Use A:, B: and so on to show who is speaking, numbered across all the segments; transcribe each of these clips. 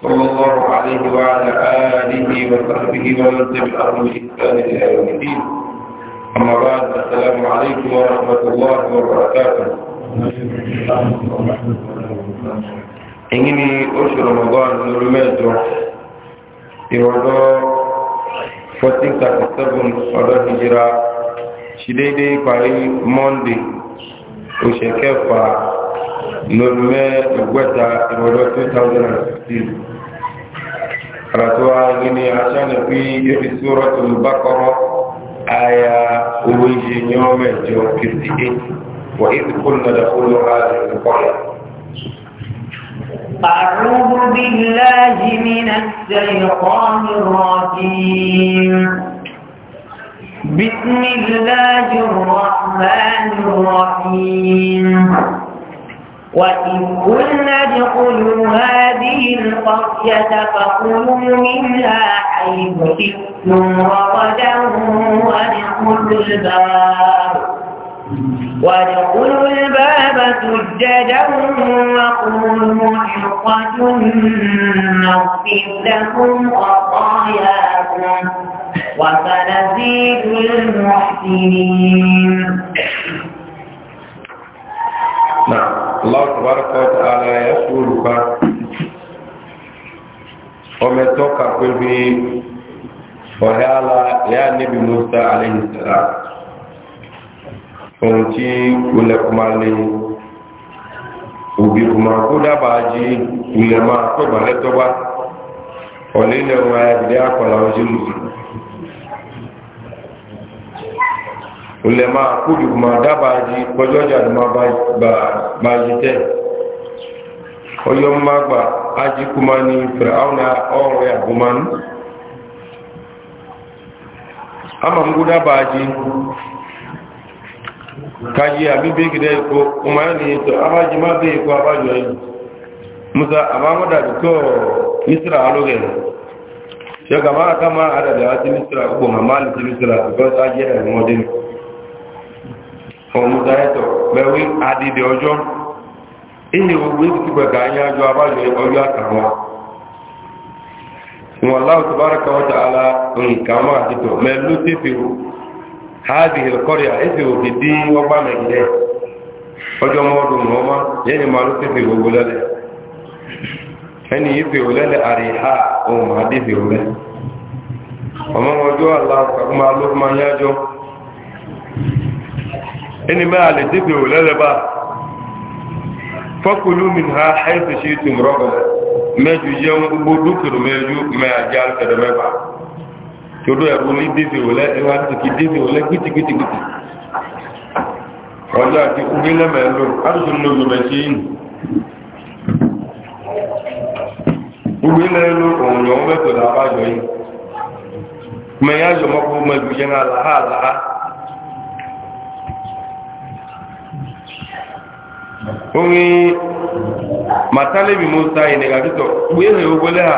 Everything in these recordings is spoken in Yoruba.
A: صلى الله عليه وعلى آله وصحبه ومن تبعهم بإحسان إلى يوم الدين أما بعد السلام عليكم ورحمة الله وبركاته إنني أشهر رمضان نرميته يوضع 1437 ọdọ́ hijira ṣìdédé parí monday oṣù kẹfà lórí mẹ́ ẹgbẹ́ta ìwọ̀dọ́ 2016 راتوا غني عشان في في سورة البقرة آية ويجي يوم الجو وإذ قلنا دخلوا هذه القرية
B: أعوذ بالله من الشيطان الرجيم بسم الله الرحمن الرحيم وإذ كنا ادخلوا هذه القرية فكلوا منها حيث شئتم رغدا وادخلوا الباب وادخلوا الباب سجدا وقولوا حقة نغفر لكم خطاياكم وسنزيد المحسنين
A: نعم الله تبارك وتعالى يسألك ومتوكا كبي وهالا يا نبي موسى عليه السلام فنتي ولكما لي وبكما كودا باجي ولما كوبا لتوبا ولينا وما يبدأ كلا وجل ulema kudu kuma daba ji kojoja ma ba ji te magba aji kuma ni fir'auna ọrọ ya kuma ni ama mgu daba ji kaji abibe gida iko kuma ya ma be iko abaji ya musa abamu da biko isra aloge shagama kama adada ya ti misra ugbo ma mali ti misra because ọmọdé ayẹtọ mẹwé adìdẹ ọjọ ìhè owó ètùtù gbẹgà ayé ajọ ọjọ àtàwọn wọn láwù tó bára ala nke ọma ti tọ mẹ ló ha o háàbì ìrẹkọrẹ ẹfẹ òkè dín wọgbà mẹgìdẹ ọjọ mọdù mọọmọ lẹlẹ ọmọ ẹni máa lè dìbò lẹ́lẹ́bà fọ́kùlù mìíràn àìsàn ṣe tùm rọ́bọ̀ mẹ́jù jẹun gbogbo dúkìrù mẹ́jù mẹ́àjá kẹ̀dẹ̀ mẹ́fà tòdó ẹ̀rù ní dìbò lẹ́ ẹwà tìkì dìbò lẹ́ gbìtìgbìtìgbìtì ọjọ́ àti ugbélé mẹ́lò àdùsùn ní ogun mẹ́sí yìí
C: ugbélé ló òun yọ̀ ń mẹ́tò làbájọ yìí
A: mẹ́yà yọ̀ mọ́kú mẹ́jù jẹ́ ń àlàá àlàá onye matalebi musa yi nega dito kpehe obele ha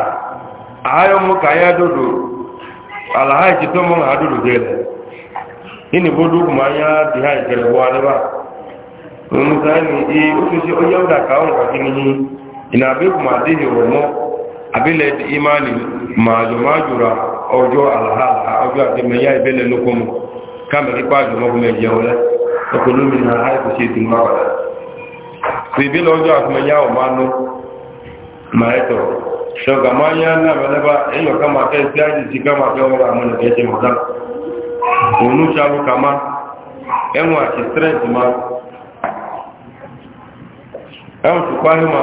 A: ayo mo ka ya dodo ala ha ji tomo ha dodo gele ini bodu kuma anya di ha ekele bo ale ba musa ni e o ti se o ka on ka kini ina na kuma de ma mo abile de imani ma jo ma ala ha ojo adị ya ibele lokomo kamere pa jo me je ole okolu mi na ha ko se ti bèbí lọ́jọ́ àtúmọ̀yá ọ̀má nú máa ẹ̀tọ̀ ṣọ́gà máa yá náà mẹ́lẹ́bá èèyàn ká máa fẹ́ sí àìsí ká máa fẹ́ wọ́n àwọn ẹ̀kẹ́ ṣe mọ̀dá òun ṣàlù ká má ẹ̀wọ̀n àti stress má ẹ̀wọ̀n tó páyé má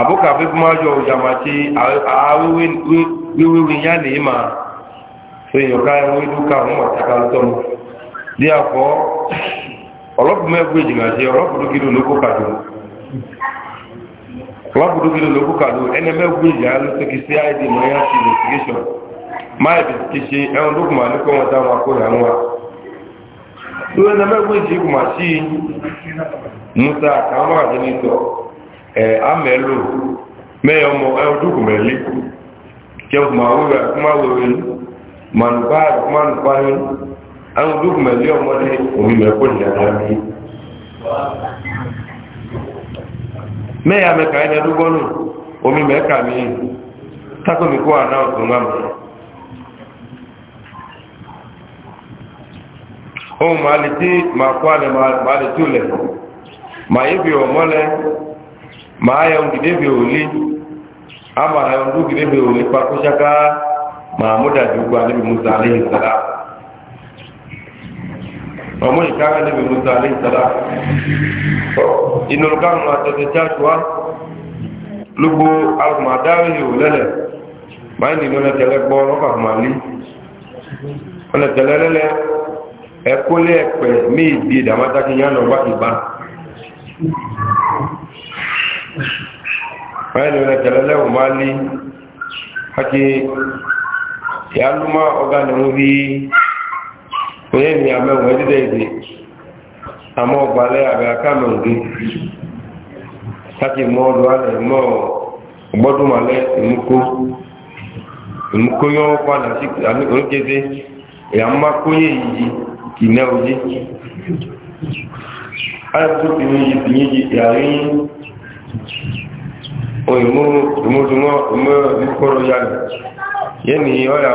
A: àbúkà fífún máa yọ ọjà máa ṣe àwíwíwí yá lè ọlọ́pù mẹ́gbé ìjìnà jẹ́ ọlọ́pùdókìdó lókó kàdó ọlọ́pùdókìdó lókó kàdó ẹni mẹ́gbé ìjìnà lókè sí id mọ́yá sí investigation máa ibi ti ṣe ẹ̀wọ̀n lókùn máa nípa wọn táwọn akóyà ń wá tó ẹni mẹ́gbé ìjìnà kò sí musa àtàwọn ẹ̀ amẹ́lò ọmọ ẹ̀wọ̀n àwọn ológun ẹ̀lẹ́ ọmọdé omi mẹ́kọ́ ní ara rí mẹ́yà mẹ́ka ẹni ẹdúgbọ́nù omi mẹ́ka mi tákòmí kó àná ọ̀tún wà mọ́ ohun máa lè tí máa kó àlẹ́ máa lè tí ò lẹ̀ máa yé bí ọmọlẹ́ máa yẹ ohun gidi bí òòlì a máa yẹ ohun gidi bí òòlì pakó ṣáká máa níbi musa aléhìsára ọmọ ìkára níbi musa aléìsàlá inú lukánù àtẹ̀tẹ̀ jáṣùwá lúgbó alùmọ̀dáwì ò lẹ́lẹ̀ máa nínú ẹlẹ́tẹ̀lẹ́ gbọ́ ọlọ́pàá kùmàlí ẹlẹ́tẹ̀lẹ́ lẹ́lẹ́ ẹkólé ẹ̀pẹ̀ méjì ìdàmátákì yánà ọgbà ìbá máa nínú ẹlẹ́tẹ̀lẹ́ lẹ́wọ̀n máa lé àti ìyálùmọ́ ọgá nìwọ̀n rí onye mi amẹ́wọ̀n ẹdídẹ́ ìdè àmọ́ ọgbàlẹ́ àbẹ̀ akáàmẹ̀ òde láti mọ́ ọdún alẹ̀ ma ọgbọ́dúnmalẹ̀ ìmúkó ìmúkó yọ padà sí oníkéde ìyàmákóyè yìí ìná òde ayọ̀tún ti ní yìí tìyí yìí ìyàrin òyìnbó ìmúdùnmọ́ ìmúkọ́rọ̀ yára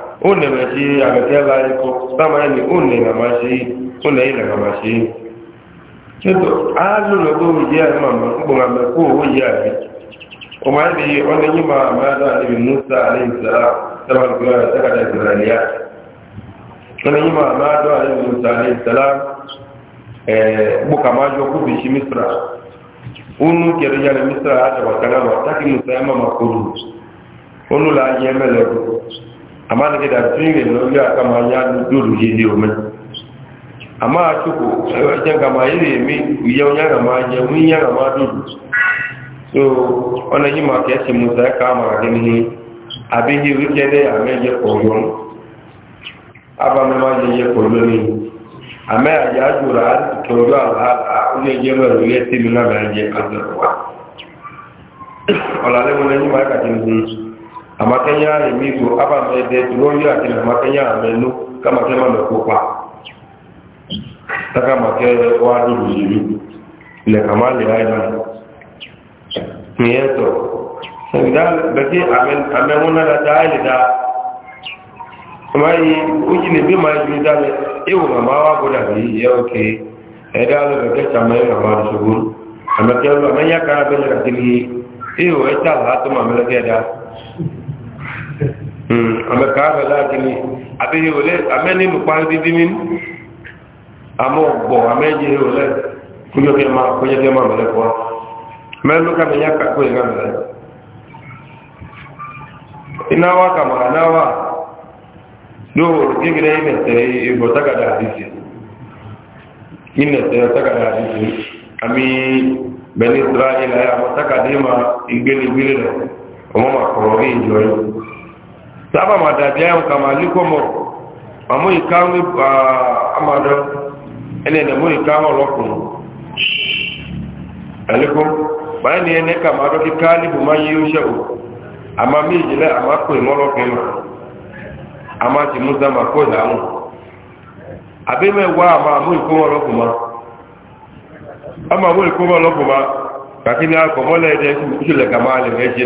A: one ma ṣe àgbẹ̀tẹ́ láyé kọ sáàmà ẹni one ìlà máa ṣe one ìlà máa ṣe ṣètò ààlùlọ́gbọ́ òjì àmà gbọ́nà mẹ́kọ́ owó yìí àbí ọmọ ẹni ọdún yìí máa àmàdà níbi musa aléìsára sábàgbọ́n àtàkàdà ìsìnrẹ̀lẹ́yà ọdún yìí máa àmàdà níbi musa aléìsára gbọ́kàmájọ kúbi sí misra unu kẹrẹ yàrá misra àtàwàkàlà wà tákì musa ẹmà máa kọlu onu la yẹ mẹlẹ amma da ke da tsire lori a kama ya duru yi ne omen amma a cikin wajen kama yi ne mi yau ya rama ya mun ya rama duru so wani yi ma ke ce musa ya kama a gini abin yi rike dai a mai ya koyon abin mai ma ya koyo ne a mai a ya jura a kyoro a wani ya mai rike tilu na mai ya azurwa ọlalẹ́ mo lẹ́yìn máa kàtí nìyí amakɛnya le mi so aba mɛ dɛ turo yi ati le amakɛnya mɛ no k'amakɛ ma mɛ ko pa taka makɛ wa do do yi le kama le ayi na tiɲɛ tɔ nga bɛti amɛ amɛ ŋuna da ayi le da ama yi o yi le bi ma yi da lɛ e wo mama wa bo da yɛ o ke ɛdi alo bɛ kɛ caman yɛ mama do sogo amɛ kɛ lo amɛ nya kana bɛ yɛ ka tigi e wo ɛta la ato ma mɛ da. Hmm, ame ka ame la kini abe ye wòle ame ne mukpa didi mi amewo gbɔ ame ye wòle kunyɔ kɛ ma kunyɔ kɛ ma mele kɔ mɛ nu ka me nya kako yi ŋa mele ina wa kama na wa do kekele yi nɛtɛ egbɔ e taga da adi si yi nɛtɛ taga adi si ami bɛni sira yi la yi a ma taga di ma igbele gbele lɛ ɔmɔ ma kɔrɔ e, yi jɔ yi. sábà máa dàbí àwọn kà máa líkọ́ mọ̀ ba ìka ń wípé àmàdọ́ ẹni ẹ̀nà mú ìka ń ọlọ́kùnrin ẹ̀lẹ́kọ́ báyìí ni ẹni kà máa dọ́ kí káálíbù máa yí ó ṣẹ̀wò àmá méjì lẹ́ àmá kò ìmọ́lọ́kùnrin mọ̀ ama ti mú sáma kó ìdáhùn àbí mẹ́wàá ni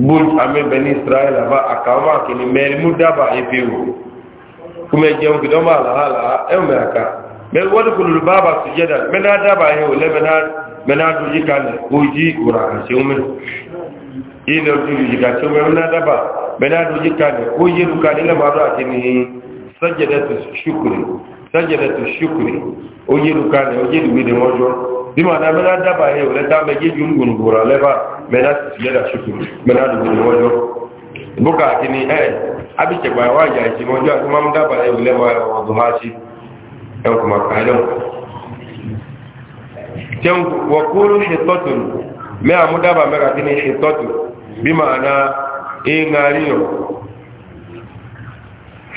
A: bul ame beni israel aba akama kini meri mudaba ebiru kume jeun kidoma la hala eme aka mel wadu kulul baba sujada mena daba he ole mena mena du yikane uji uraka seume ile du yikane seume mena daba mena du yikane uji ukane la mara kini sajadatu shukuri sajadatu shukri o yelu na o yelu wi de mojo bi na mena daba he o le ta me jeju ngun bura le ba mena sajada shukri mena du de mojo buka kini eh abi che gba wa ja ji mojo akuma m daba he o le wa o do ha shi e o kuma ka lo tem wa kuru hitatun me amudaba me ka kini hitatun bi ma na e ngariyo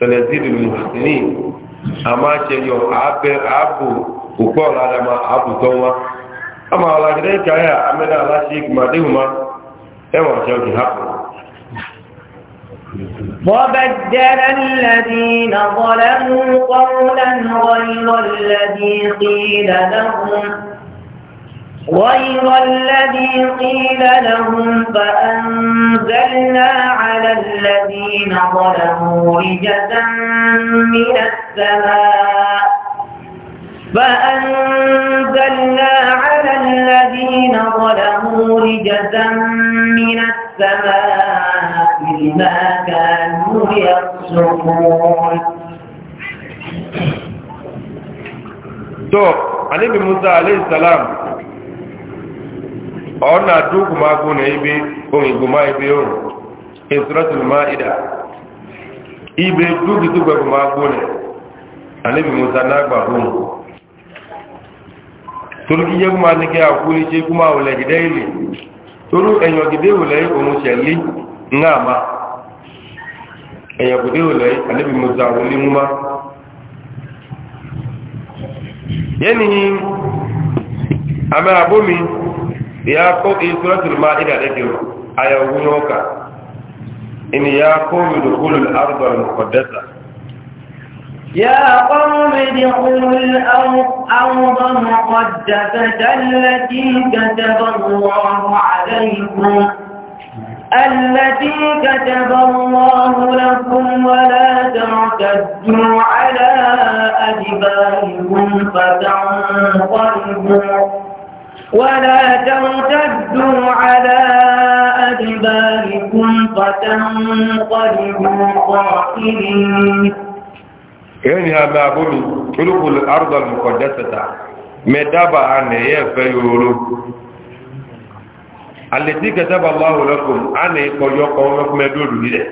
A: sẹlẹsìlì mùsùlùmí àmàṣẹyọ àbẹ àbò òpó ọ̀làdàmà àbùtọ́ wa ama ọ̀làdìrẹ́ ìkàyà amẹ́dà aláṣẹ ìgbìmọ̀déhùnmá ẹwọ̀n ṣe òkè hapun
B: وبدل الذين ظلموا قولا غير الذي قيل لهم غير الذي قيل لهم فأنزلنا على الذين ظلموا رجزا من السماء فأنزلنا على الذين ظلموا رجزا من السماء بما كانوا يفسقون
A: تو طيب، علي بن موسى عليه السلام ọ̀nà àdúgbùmá gúnnà ibi ohun ìgbùmá ibi ohun ìsúrọ́tìlùmá ìdà ibi dúgbìtúgbẹ̀gbùmá gúnnà àníbì musa nágbà ohun torúkíyẹ́ kúmá ní kí àkú iṣẹ́ kúmá olẹ̀ gidẹ́ ilẹ̀ torú ẹ̀yàn gidẹ́ olẹ̀ ohun ṣẹ̀lí ńláàmá ẹ̀yàn gidẹ́ olẹ̀ àníbì musa olí múmá yẹ́nìyí àmẹ́ àbómi ya ko suratul ma'ida da ke aya wuyoka in ya qawmi dukhulul ardh al muqaddasa
B: ya qawmi dukhulul ardh al muqaddasa allati kataba Allahu alaykum التي كتب الله لكم ولا تعتدوا على أدباركم فتنقلبوا ولا ترتدوا على أدباركم فتنقلبوا خاسرين
A: يعني أما أبومي تلقوا الأرض المقدسة مدابا عن يفيولو التي كتب الله لكم عن يقوم مدود لله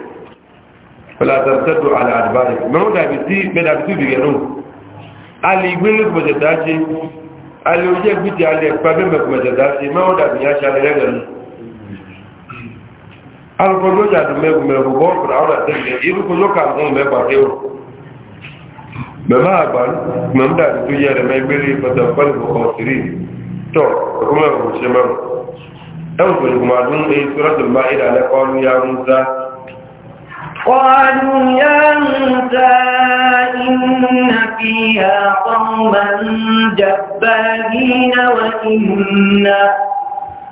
A: فلا ترتدوا على أدباركم من هو دابتي بدابتي بيجنون الإبن المجداتي alẹ́ ojú ẹgbìtì alẹ́ ẹ̀pá mẹ́mẹ̀kùmẹ̀tẹ̀dá sí máa ń dàbí yáṣẹ́ alẹ́ rẹ̀gẹ̀lú alùpùpù ló jàdù mẹ́gbùmẹ̀gbù bọ́ọ̀bù àwọn àtẹ́lẹ̀ irúkú ló kà fún mẹ́gbàdé o mẹ́mà àgbà mẹ́mdàbí tó yẹ rẹ̀ mẹ́gbẹ́lẹ́ pẹ̀tẹ̀pẹ̀lẹ̀ ọ̀sìrì tọ́ ọkùnmẹ́gbù ṣe mẹ́rù ẹ̀wùn tó
B: قالوا يا موسى إن فيها قوما جبارين وإنا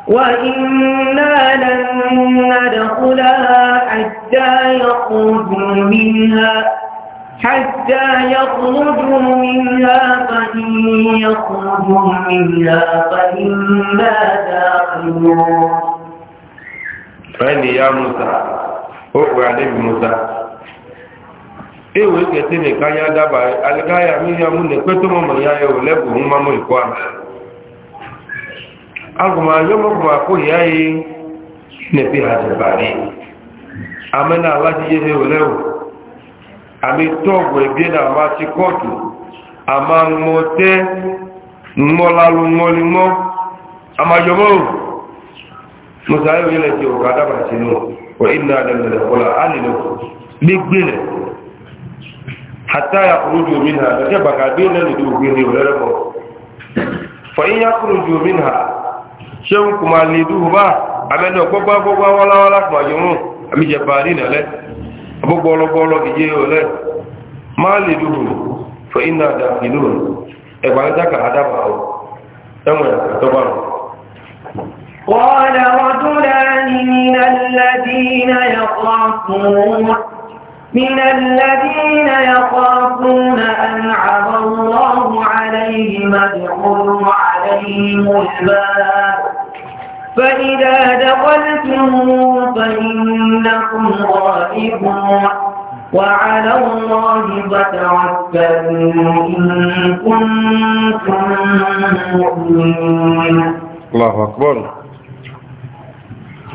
B: وإنا لن ندخلها حتى يخرجوا منها حتى يخرجوا منها فإن يخرجوا منها فإنا داخلون
A: فإن يا موسى okpere anabi musa ewe kete ne ka ya daba alika ya mmiri amụ na ekweta ụmụ ya ya ole bụ mmamụ ikwu a agụmanyọ mọbụ akụ ya yi nepi ha jebari ame na ala dị ihe ole wụ ame tọọ bụ ebie na ama chikọtụ ama mmụte mmụlalụ mmụli mmụ ama yọmọ musa ya ole ji ụka daba chi n'ụwa. وإنا لنقول علم لقبلة حتى يخرجوا منها فكيف قابلنا لدوبين ولرمو فإن يخرجوا منها شوكما لدوبا أمن بابا بابا ولا ولا ما يمون أمي جبارين له أبو بولو بولو بيجيو له ما لدوبه فإنا داخلون إبعادك هذا ما هو تمام تمام
B: قال رجلان من الذين يخافون من الذين يخافون أنعم الله عليهم ادخلوا عليهم الباب فإذا دخلتم فإنكم غائبون وعلى الله فتوكلوا إن كنتم مؤمنين
A: الله أكبر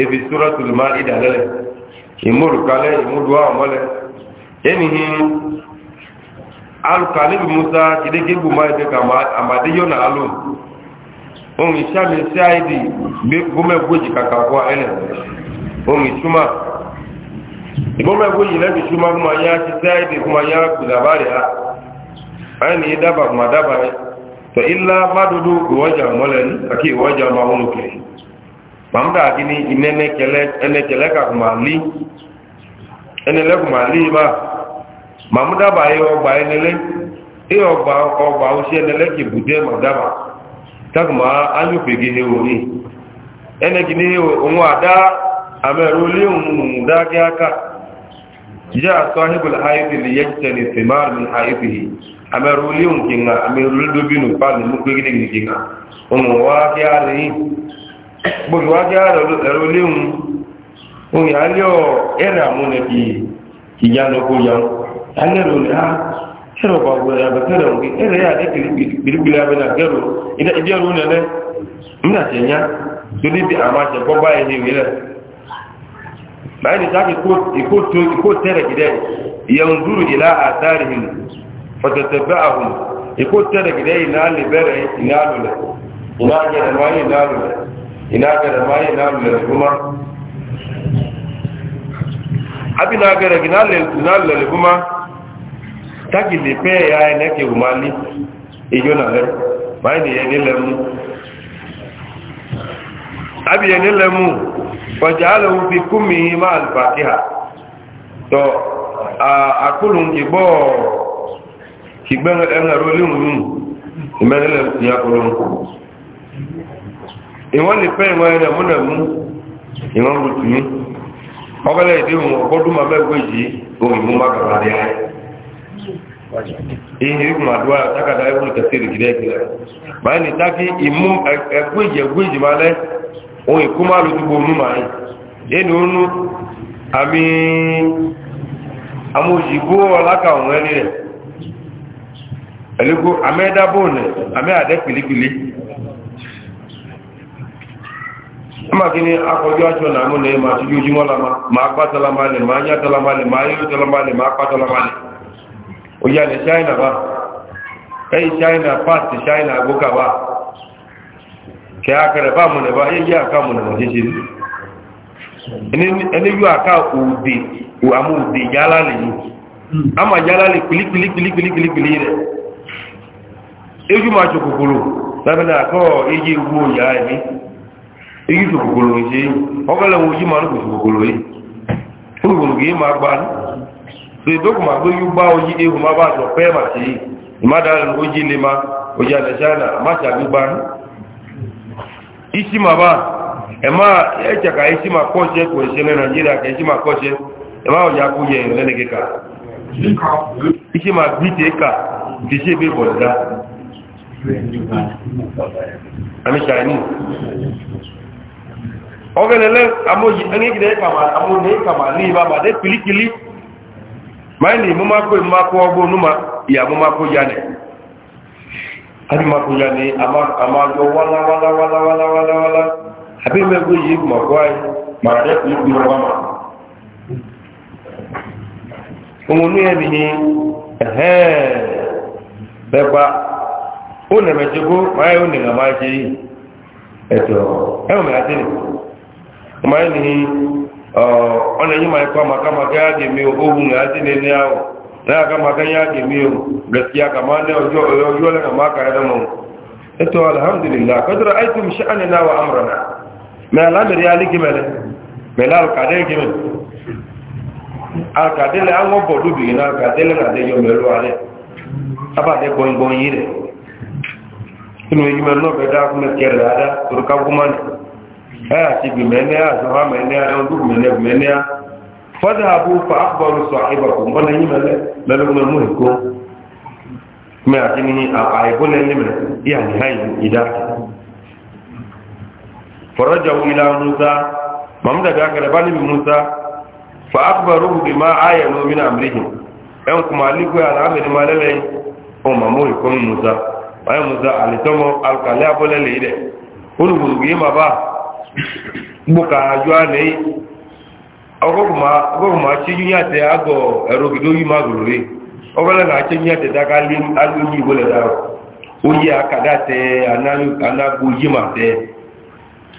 A: ebi suratul maida lẹ́lẹ̀ ìmúrùkalẹ̀ ìmúdùá ọmọlẹ̀ ẹnìhí alùkàlẹ́bì musa kìdégégbò máa ebe ka àmàdé na alùn ohun ìṣàmì sí àìdì gómẹ̀gbòjì kàkàkọ́ ẹnẹ̀ ohun ìṣúmà ìgbọ́mẹ̀gbòjì lẹ́bì ṣúmà fún ayá ti sí àìdì fún ayá kùdàbárì ha ẹni dábà kùmàdábà ẹ tọ ilá má dúdú ìwọ́jà mọ́lẹ̀ ní àkí ìwọ́jà ma' mamda adini inene kele ene kele ka kumali ene le kumali ba mamda ba yo gba enele e yo gba o gba ma enele ki bude mamda ba takuma ayu pegi ni ene gini onu ada ameru li onu da aka ya sahibul hayat li yajtani thimar min ameru li ameru ni ari kpọ̀lù wájú ẹ̀rọ léwu ohun yà á lé ọ ẹ̀rọ àmúnẹ kì í yá lọ kó yá alẹ́ rò ní á ẹ̀rọ bá wọ ẹ̀rọ abẹ́kẹ́rẹ́ òkè ẹ̀rọ yà á dé kìrìkìrì abẹ́ náà gẹ́rọ ibi ẹ̀rọ ní ẹ̀rẹ́ múnà tẹ̀ nyá torí bí àmà tẹ̀ kọ́ bá ẹ̀yẹ ìwé rẹ̀ báyìí ní sáà ina mai ma ina lulal kuma abi na gara gina lulal kuma taki le pe ya ene ke umali ejo na le ma ni ene lemu abi ene lemu fajalahu fi kummi ma al fatiha to a akulun ki bo ki gbe en ro lemu ya kulun ìwọ́n lè fẹ́ ìwọ́n ẹ̀rẹ̀ múnà mú ìwọ́n rú tùmí ọgbẹ́lẹ̀ ìdí ohun ọgbọ́dún máa mẹ́gbẹ́ yìí ohun ìmú má gbàgbà rẹ̀ ìhìn ìgbìmọ̀ àdúrà tákàdá ẹ̀wọ̀n kẹsì rẹ̀ gílẹ̀ gílẹ̀ báyìí ní tákì ìmú ẹgbẹ́jì ẹgbẹ́jì máa lẹ́ ìkú mú máa yìí ẹni àmì ọlákà ọ̀hún ma gịnị akọjọ achọ na amụ na ị ma chụjụ ji nwala ma ma akpatala mali ma anya tala mali ma ahịa tala mali ma akpatala mali ụya na china ba eyi china past china agụka ba ke akara ba mụ na ba eyi aka mụ na ọchịchị eneyu aka ụdị amụ ụdị yala na yi ama yala na kpilikpilikpilikpilikpili rẹ eju ma chọkwukwuru na bena akọ eji egwu ụya anyị igi su kokolo nse ọkọlẹ wo yi ma ló kò su kokolo yi ó kò kò yé ma gba ní ṣe tó kò ma gbé yú bá oyi ehu ma bá sọ pẹ́ẹ́mà sí i ìmádà ló lè ma ojí alẹ́ ṣáínà má ṣàbí gba ní. isi ma bá ẹ má ẹ jàkà isi ma kọ́ṣẹ́ kò ṣe ní nàìjíríà kẹ́ isi ma kọ́ṣẹ́ ẹ má ọjà kó yẹ ẹ̀rọ lẹ́nu kíkà isi ma gbí tẹ́ kà ti ṣe bẹ́ẹ̀ bọ̀ ọgẹ́lẹ́lẹ́ amóyíkàmà ní ìbábà dé pìlíkìlí máa ní mú máa kó ìmú máa ọgbọ́n ní ìyà mú máa kó yanẹ̀ adìmọ̀kó yanẹ̀ yìí mọ̀kọ́ ayé màá dé pìlíkìlí ẹ̀tọ́ ẹ̀wọ̀n mẹ́ta mai ni ọ̀nà na máa kọ́ makamaka ya gẹ̀mí ohun ya nílé àwọ̀ náà kamaka ya gẹ̀mí o gaskiya kama ní ọjọ́ lẹ́nà máa kàrẹ́ dánmọ̀ ètò alhamdulillah kọ́tọ̀rọ̀ aitum sha'ani náà wa amurana mai alamiri alikimẹ̀lẹ̀ mai alkadẹ́ gẹ̀mẹ̀ alkadẹ́lẹ̀ an wọ́n bọ̀ lóbi iná alkadẹ́lẹ̀ náà dẹ́yọ mẹ́lú alẹ́ abàdẹ́ gbọ́ngbọ́n a bimenea zoha ya ndu menea menea fadhabu fa akhbaru sahibakum wala yimale lalu mumuhiko ha atini aibole e yimale yani hayi ida farajahu ila musa mamda ga garabani musa fa akhbaruhu bima ayanu min amrihim en kuma liku ya amri malale o mamuhiko musa ayo musa alitomo ide gboka ajọ a na-eyi ọgọgụ ma achịju ya te agọ erogido oyi ma gụrụ ri e. ya te daga alụ onye igbo leda oyi akada te anagbo oyi ma te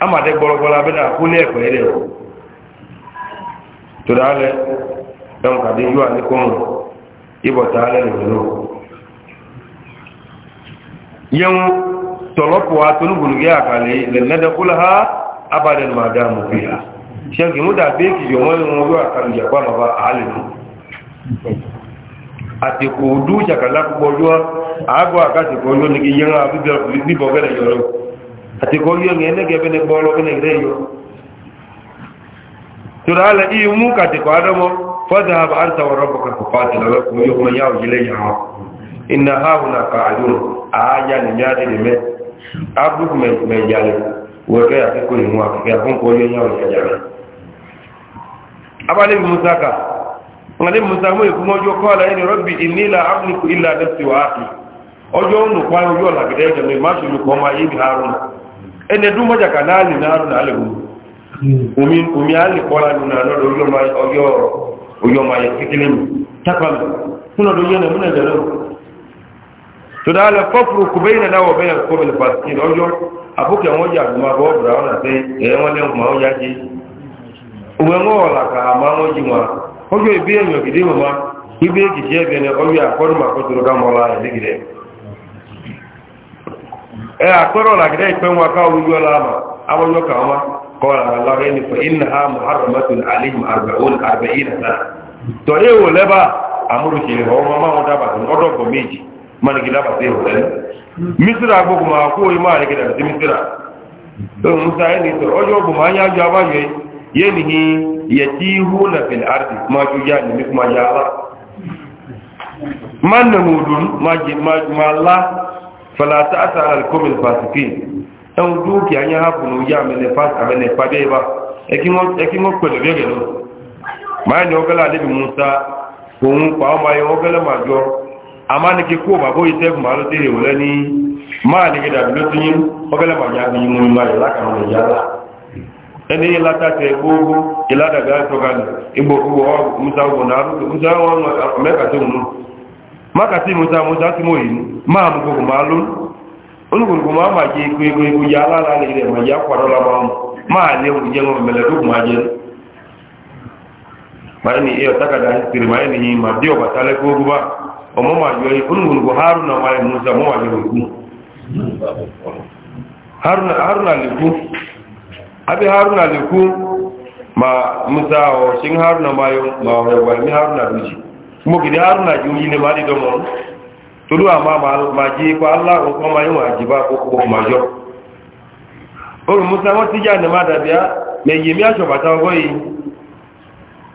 A: amade gbọrọgbọrọ abẹ na akwụ na-ekwe ere tụrụ alẹ ẹwọn kàdé yóò a ìbọ̀tà alẹ́ nìyẹn yẹn tọ̀lọ́pọ̀ atónúgbòlùgẹ́ ha abadan ma damu fiha shan ki muda be ki yo moyo mo yo akan ya kwa baba alimu ati ko du ja kala ko bojo ago akati ko yo ni ki yan abi be ni bo gele yo ati ko yo ngene ge bene bolo bene re yo turala i mu ka ti ko adamo fadhhab anta wa rabbuka faqatil lakum yawma yawjilayha inna hauna qa'idun aya ni yadi me abu me me yale wẹ̀kẹ́ akẹ́kọ̀ọ́ ìmú akẹ́kẹ́ akọ́kọ́ yóò yá òyìn ẹjà rẹ̀. abálẹ́bì musa ká ọ̀nàlẹ́bì musa mú ìkún ọjọ́ kọ́ àlàyé ni rọ́bì ìnílà áfíríkù ilẹ̀ adẹ́sì wà áàkì ọjọ́ ònù kwáyé ojú ọ̀làgẹ̀dẹ́ ẹ̀jẹ̀ mi máṣe olùkọ́ ọmọ ayé ní harun ẹni ẹdún mọ́jà kà náà lè náà náà lè wù omi á lè kọ́ lánàá náà lọ́dọ̀ ojú ọmọ ayé kékeré mi tápàlù fún ọdún yẹn nàmúnà ìjọ náà tó dáa lẹ fọ́pùrù kùbẹ́yìn náà wọ̀ bẹ́yẹn kọ́bẹ̀lẹ̀ pàṣẹ ọjọ́ abụke nwoji agụmabụ ọ na te ee nwanne ma ụya ji uwe nwa ọla ka ha ma nwoji nwa oge ebi enyogide ịhụma ibe ejichi ebene oyi akpọrọ maka otoro ka mọla ya dịgide ee akpọrọ na gide ikpe nwa ka owuyi ọla ama agbanyọ ka ọma ka ọ lara lara eni fa inna ha muharramatun alayhim arba'un arba'ina sana to e wo leba amụrụ chiri ho ọma ma ọ ba ọdọ ko ma man gida ba sai misira gbogbo ma kó imá àrígidà sí misira ohun musa ẹni sọ ọjọ́ ọgbọ̀n ma anya yájú abáyọ yé ya hi yẹ na fi àrídì ma ju ya ni mímú ma yá ma nà mú dùn ma lá falata àtàrà alkomi fasifi ẹn dúkì anyá ha bùnú yá ma musa ma amánike kó bàbó ìtẹ́kùn bá ló tèrè wọlé ní máa ní gẹ́dà ló tún yín ọgẹ́lẹ̀ bàjá bí i mú ìmá rẹ̀ lákàrún ìyá rà ẹni látàtẹ̀ gbogbo ìlàdàgbà ìtọ́gàlù igbó owó musa wọn arúgbó musa wọn mẹ́kàtí òun mákàtí musa musa tí mo yìí máa mú gbogbo máa ló olùgbòlùgbò máa máa jẹ ikú ikú ikú ya alára lè rẹ̀ mà yá pàdọ́ la máa mú máa lé òun jẹ́ wọn mẹ́lẹ̀ tó kù máa jẹ́ máa ní ẹ̀yọ̀ tákàdá ìsìrì máa ní yìí máa dé ọ̀bàtálẹ́ gbogbo báà ọmọ ma yọ yìí olùgbòǹgbò haruna ma yẹ musa mọ́ wà yọ ikú haruna lè kú abẹ́ haruna lè kú ma musa ọ̀ ṣe ń haruna ma yọ ma ọ̀rẹ́ wà ní haruna lójì mo kìdí haruna jù yìí ni ma dé dọ́mọ́ tolú àmà ma jí ipa aláwọ̀ kọ́ ma yọ wà jìbá kókó ma yọ olùmusa wọ́n ti jà ní má dàbíà àṣọ̀bàtà ọgọ́ yìí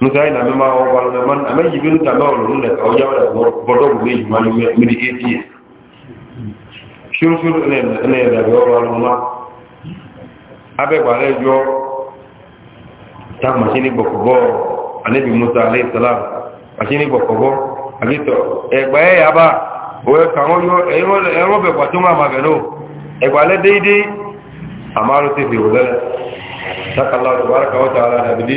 A: musa ina na e e e ma wọ́n wọ́n man a bí níta náà lòun lẹ̀ ọ̀ yáwọ̀ rẹ̀ bọ́dọ̀ wù méjì máa ní mẹ́rin eighty years ṣúrúṣúrú ẹ̀nà ẹ̀dà bí ọrọ̀ ọrọ̀ ma abẹ́gbàlẹ̀ yọ tá màṣíní gbọ̀kọ̀bọ̀ anẹ́bí musa alẹ́ salam ti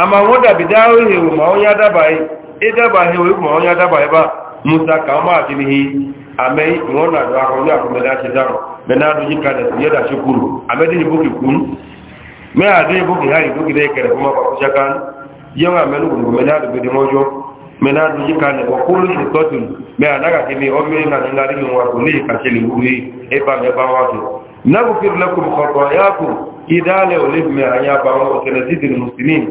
A: ama nwoda bido ahụ hewu ma onye adabaghị ịdaba hewu ma onye adabaghị ba musa ka ọ maghachiri ihe ame nwụọ na i ahụ onye akụmedachidahụ menadụji kadet nye dachi kwuru amedịghị buki kwum mee adịghị buki ha igogide ekere bụ makwakụchaka yenwa menugwurugo menadụbedi nwọjọ menadụji kadet ọkwụrụ sitọtun mee anaghị adịmi ọmịrị na ngarịghị nwa kwụ n'ihi ịba kọtọ ya kwụ ide ala ole mee anya banwa otere zidiri muslimin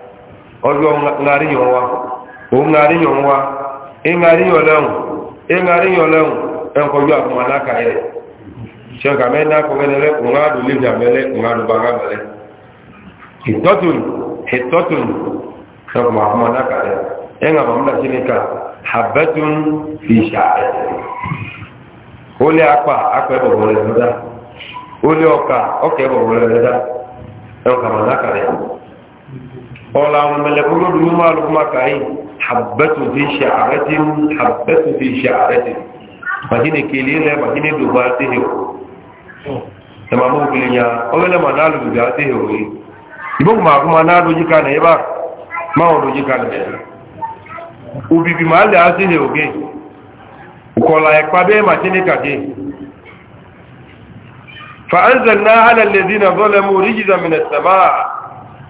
A: ọjọ́ ńláríyàn wa òun ńláríyàn wa ńláríyàn lẹ́hùn ńláríyàn yọ ẹnkọjú àkùnmọ̀ aláka ẹ̀ ṣẹ́nkà mẹ́ta kọ̀gẹ́lẹ́ ńláàdù lè jàmẹ́lẹ́ ńláàdù bá rámẹ́lẹ́ ìtọ́tùn ìtọ́tùn ẹnkọ̀mọ̀ àkùnmọ̀ aláka ẹ̀ ẹ̀ńgà fi ó lé rẹ̀ lọ́dá ó lé ọkà rẹ̀ lọ́dá ẹ̀ ọlọ́run mẹ́lẹ̀kọ́ ló dùn mọ́ alùpùpàkà yìí àbẹ́tù fi ṣe ààrẹ tí ń àbẹ́tù fi ṣe ààrẹ tí màdínà kele lẹ màdínà dùgbà àti hìwò ẹ̀mà mú òkèlè ya ọlọ́lẹ̀ mà náà lùgbà àti hìwò yìí ìbọn kò máa kó máa náà lójú kan nìyẹn bá máa wọn lójú kan nìyẹn òbíbi màá lẹ̀ àti hìwò gé kọ̀là ẹ̀pá bẹ́ẹ̀ màdínà kàdé fa anzalna ala alladhina zalamu rijzan min as-samaa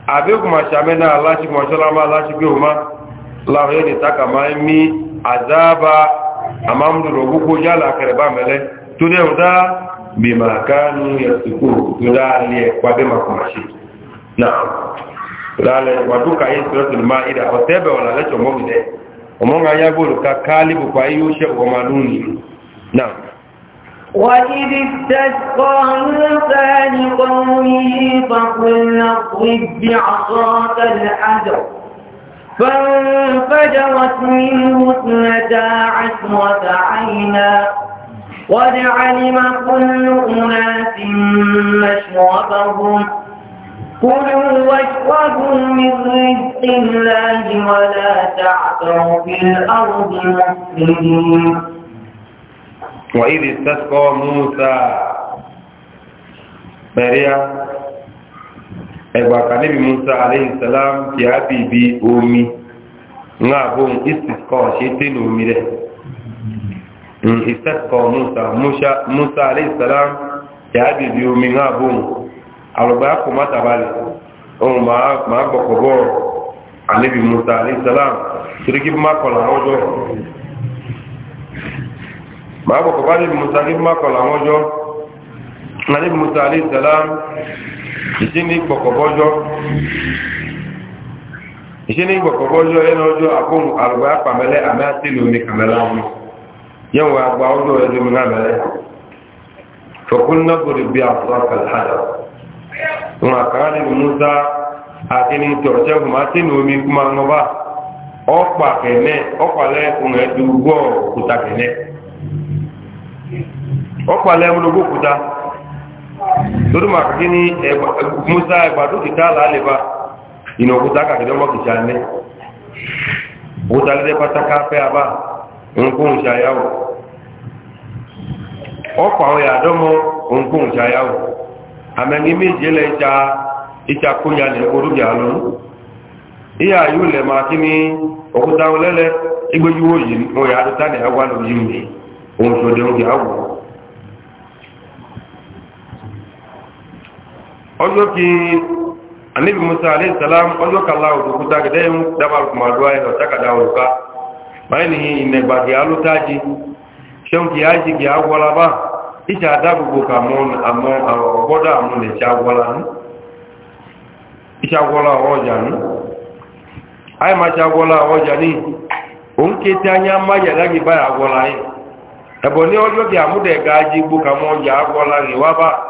A: àbí kò máa ṣàmẹ́ náà láti mọ̀ ṣọ́lámá láti gbé òmá láwọn yẹ́ ni taka máa ń mí àzába àmámúdùrọ̀ gbogbo yálà kẹrẹ̀bá mẹ́lẹ́ tó dẹ̀rùn dá bí máa ká ní ẹ̀sìnkú tó dáalẹ̀ pàbẹ́ màkùnmáṣe náà lálẹ́ wàdúkà yìí sọ́tún máa ìdà ọ̀tẹ́bẹ̀ ọ̀nà lẹ́tọ̀ mọ́mìnẹ́
B: وإذ استسقى موسى لقومه فقلنا اضرب بعصاك الحجر فانفجرت منه اثنتا عشرة عينا قد علم كل أناس مشربهم كلوا واشربوا من رزق الله ولا تعثوا في الأرض مفسدين
A: وإذ استسقى موسى مريا ẹgbà kanibi musa aleyhisselam kì á bì bí omi ń àbóhun istisqọ́ omi rẹ̀ istisqọ́ musa musa aleyhisselam kì á bì bí omi ń àbóhun àlùgbà kò má tàbálẹ̀ ohun máa gbọ̀kọ̀ bọ́ kanibi musa aleyhisselam torí ma akwụkwọ bá níbi musa gị mma na níbi musa alẹ́ isi ìṣẹ́ ní gbọ̀kọ̀bọ́jọ́ ìṣẹ́ ní gbọ̀kọ̀bọ́jọ́ ẹnà ọjọ́ àkóhùn àlùgbà pàmẹ́lẹ́ àmì àtìlù ní kàmẹ́lá ọmọ yẹn wọ àgbà ọjọ́ ẹjọ́ musa omi ọkpàlẹ̀ ẹmúlógún kúta lórí màkàkí ní musa ẹgbàdó kìtà àlàálẹ̀bá ìnà òkúta kàkìdẹ́ ọmọ kìtà ní òkúta lẹ́dẹ́ pátákà fẹ́ àbá òǹkóhùn ṣàyàwó ọkọ̀ àwọn ìyàdọ́mọ́ òǹkóhùn ṣàyàwó àmẹ́ni lè orúkẹ àlọ́ ìyá yóò ọjọ́ kí anibi musa alayhi salam ọjọ́ kala òdòkúta gẹ́gẹ́ ń dábàrù kùmà dúwà ẹ̀ ọ̀tákàdá òrùka báyìí ni ìnẹ̀gbà kì á ló tájì ṣeun Ada á jì kì á wọlá bá ìṣẹ́ àdábòbò kà mọ́ àmọ́ ọ̀gbọ́dọ̀ àmọ́ lè ní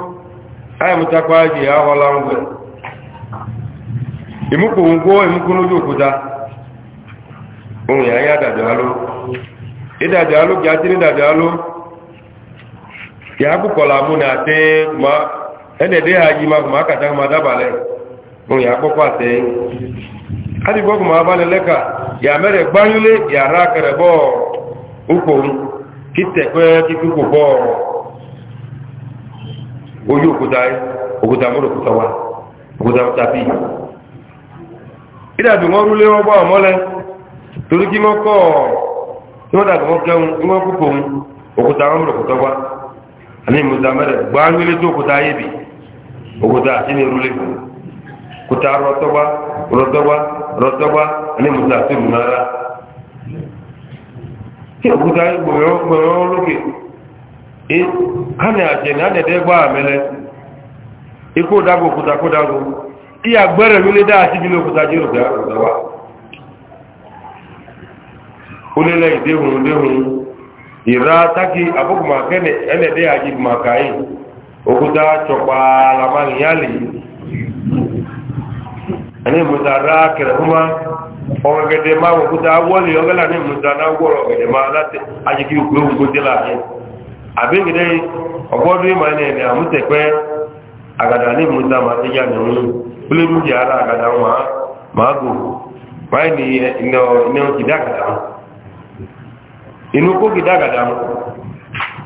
A: aya mutakwa ji ya hola ngwe imuko ngwo imuko no jokuta ohun ya ya dadu alụ ida alụ alo ja tin alụ ya ku kola mu na te ma ene de haji ma ma kata ma dabale ohun ya popo ate ma bale ya mere gbanyule ya ra kere bo uko kitekwe ojú okuta ẹ Okuta mọ́rọ̀ òkúta wa òkúta tàbí ìdàbí wọ́n rúlé wọ́n bá ọmọ́lẹ́ torí kí wọ́n kọ́ ọ wọ́n dàbí wọ́n kẹun tí òkúta wọn wa àmì mẹrẹ mẹ́rẹ̀ gbáńgbélé tó òkúta ayé okuta òkúta àti ní rúlé kí òkúta lókè ha na-aje na na-ede gbaa mele ikú dágbò òkúta kó dágbò tí àgbẹ́rẹ̀ ló lé dáa sí jílé òkúta jẹ́ ògbàwà ó lélẹ̀ ìdéhùn déhùn ìrá tákì àbúkùmà kẹ́nẹ̀ ẹnẹ̀dẹ́ àjíkùmà káyì òkúta chọpa alamáyìnyálì ẹni mùsà rá ọ̀gẹ̀gẹ̀dẹ̀ máa òkúta wọ́lẹ̀ ọgẹ́lá ní mùsà náà ọ̀gẹ̀dẹ̀ máa láti àbígidé ọgbọ́dún ìmọ̀ ẹni ẹ̀mí àmúṣẹ̀ pé àgàdà ní ìmúta máa ti ma nínú pílẹ̀mù jẹ́ ara àgàdà máa gò máa ní iná kìdá àgàdà inú kó kìdá àgàdà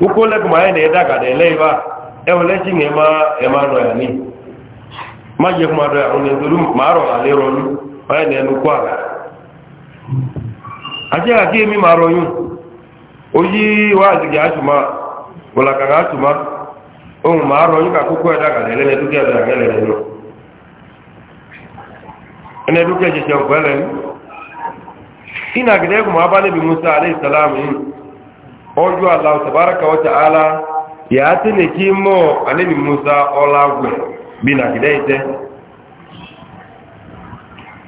A: lẹ́kùn máa ẹni ẹ̀dá àgàdà lẹ́sìn ẹ̀ máa ní má jẹ́ máa rọ̀ ẹnu kó àgàdà àti àkíyèmí máa rọ̀ yún wòlà kàkà tuma ohun màá rọ yín kà kókó ẹ̀dá kàlẹ́ lẹ́nu dúkìá bẹ̀rẹ̀ àgbẹ̀ lẹ́nu lọ ẹni dúkìá jẹjẹ ọ̀gbẹ́ lẹ́nu ina gidẹ́ kò máa bá níbi musa aleyhi salam yìí ọjọ́ aláwọ̀ tabaraka wata ala yà á ti nìkí mọ́ aleyhi musa ọlágbẹ̀ bí na gidẹ́ ìtẹ́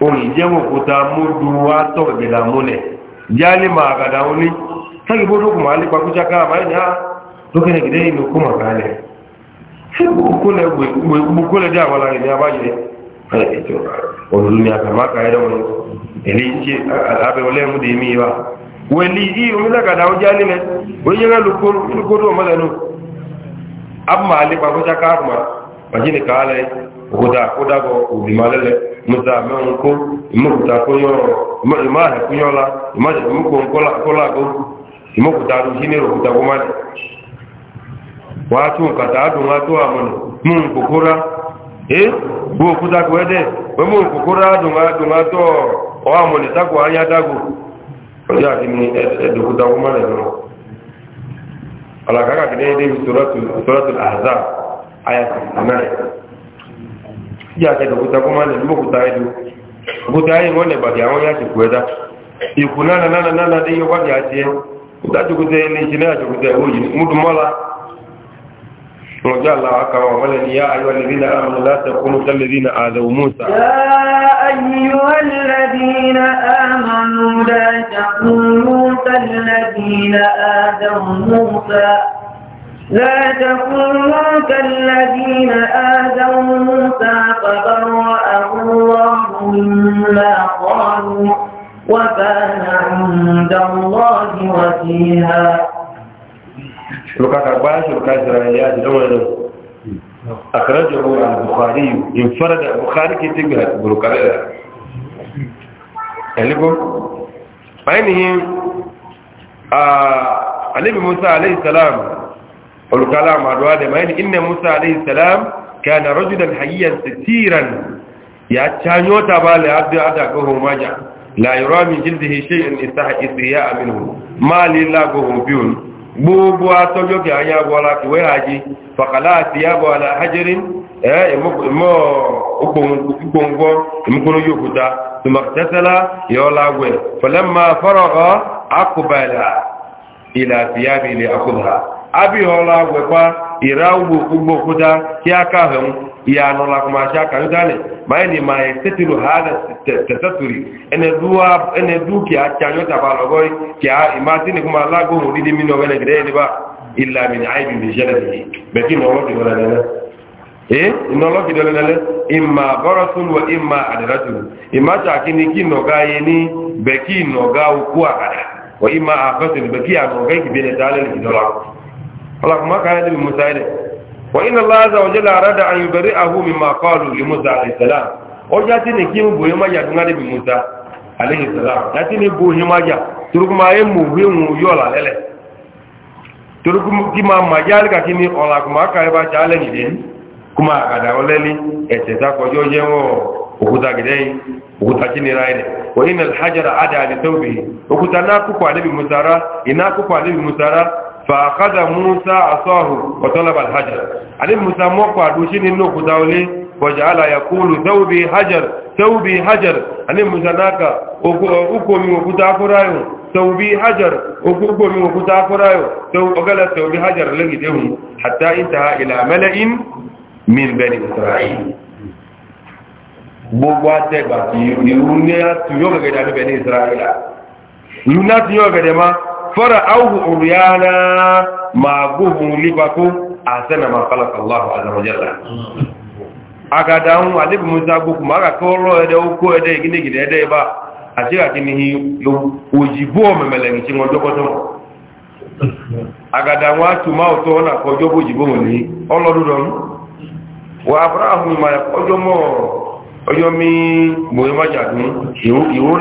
A: ohun ìjẹ́wò kúta múdu wá tọ́ ìgbẹ̀dàmúlẹ̀ jálè máa gàdà ó ní sáyé bó dókùn máa lé pakúṣáká àmáyé ní á ah, lókè ní gidẹ́ ìlú kó màkà lẹ̀ ṣé gbogbo lẹ̀ dé àwọn arìnrìn abájẹ́ ọ̀rùn ni àtàmákà ẹ̀rọ wọn èlé ṣe abẹ́wọlẹ́ mú di mí wa wẹ̀lì yìí omílẹ̀gàdà ó já nílẹ̀ ó yẹ ká lókòdó ọmọlẹ́nu abúmọ̀ alẹ́ pàkójá káàkùmá màjí ní kàálẹ̀ òkúta àkódàbọ̀ òbìmọ̀lẹ́lẹ̀ musa mẹ́rin kó ìmọ̀kúta kóyọ̀rọ̀ ìmọ̀ àhẹ̀kúyọ̀la ìmọ̀kúta kólágó ìmọ̀kúta arúgbó wàátù nkàtà àdùn wàátù àmọ̀nà mú nkòkóra bú òkúta kò ẹ́dẹ̀ mú nkòkóra àmọ̀nà anya ọjọ́ àti ní má lẹ́nu ìyá àti má lẹ́nu mú òkúta òkúta رجاء الله أكرم وعملني يا أيها الذين آمنوا لا تكونوا كالذين آذوا موسى
B: يا أيها الذين آمنوا لا تكونوا كالذين آذوا موسى لا تكونوا كالذين آذوا موسى فبرأه الله مما قالوا وكان عند الله وفيها
A: شركة أربعة شركة إسرائيلية أخرجه البخاري انفرد البخاري كي تقبل بروكاليلا أليكم فإنه آه، النبي موسى عليه السلام ما إن موسى عليه السلام كان رجلا حييا ستيرا ya canyo ta ba la abdu ada ko maja la yura min jildihi shay'an istaha istiya minhu ma lillahi biun gbogbo atọ́jọ́ kí a yá bọ́lá ìwé hajji fàkàlá àti yábọ̀ aláhajjirin ẹ́ ìmọ̀ ògbòǹgbọ́ ìmúkúrú yóò kúta ya no la kuma sha kan gane mai ni mai tetiru hada tetaturi ene duwa ene duki a chanyo ta ba logoi ki a imagine kuma la go mu didi mino bene gre ni ba illa beki no wodi wala nana eh ino lo ki dole nale imma barasun kini ki beki no ga ku akada wa beki a no ga ki bene dalal وإن الله عز وجل أراد أن يبرئه مما قالوا لموسى عليه السلام وجاتي نكيم بوهما يدنا بموسى عليه السلام جاتي نبوهما جا ترك ما يموهم يولا لله ترك كما ما جالك كني أولا كما كايبا جالن يدين كما أدا وللي أتتا كوجو جيو وكتا كدين وكتا كني رايد وإن الحجر أدى لثوبه وكتا ناكو قالب موسى إناكو قالب موسى فأخذ موسى عصاه وطلب الحجر علي موسى موقع دوشين النوك داولي وجعل يقول ثوبي حجر ثوبي حجر علي موسى ناكا أكومي وكتا أكرايو ثوبي حجر أكومي وكتا أكرايو وقال ثوبي حجر لقي دهم حتى انتهى إلى ملئ من بني إسرائيل gbogbo atẹgbà tí ìlú ní àtúnyọ́ gẹ̀gẹ̀dẹ̀ àbẹ̀bẹ̀ ní ìsirayílá ìlú ní àtúnyọ́ gẹ̀gẹ̀dẹ̀ máa fara auhu uriyana maguhu libaku asana ma khalaqa Allah azza wa jalla aga daun alibi musa buku maga koro ede uko ede igine gide ede ba asira kini hi ojibo ni olodu don wa abrahu ma kojo mo ojo mi boyo majadun iwo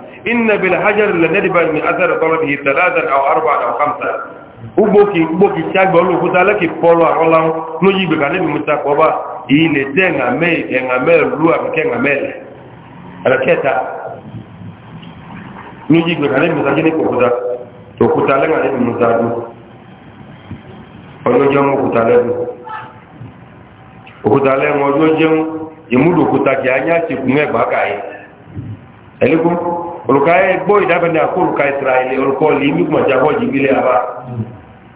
A: inna bil hajar la nadiban min athar talabihi thalathan aw arba'an aw khamsa uboki uboki chagba lo kuta la ki polo arola no yibe ka nabi muta ko ba ile tenga me enga me lu a kenga ala ka nabi muta ni ko kuta to kuta la nabi du ono jamu kuta la du ti olukaye gbọ́ ìdábẹ̀lẹ̀ àkó olùka ìsìráìlẹ̀ olùkọ́ lè mí kùmọ̀ jábọ̀ jìbílẹ̀ àbá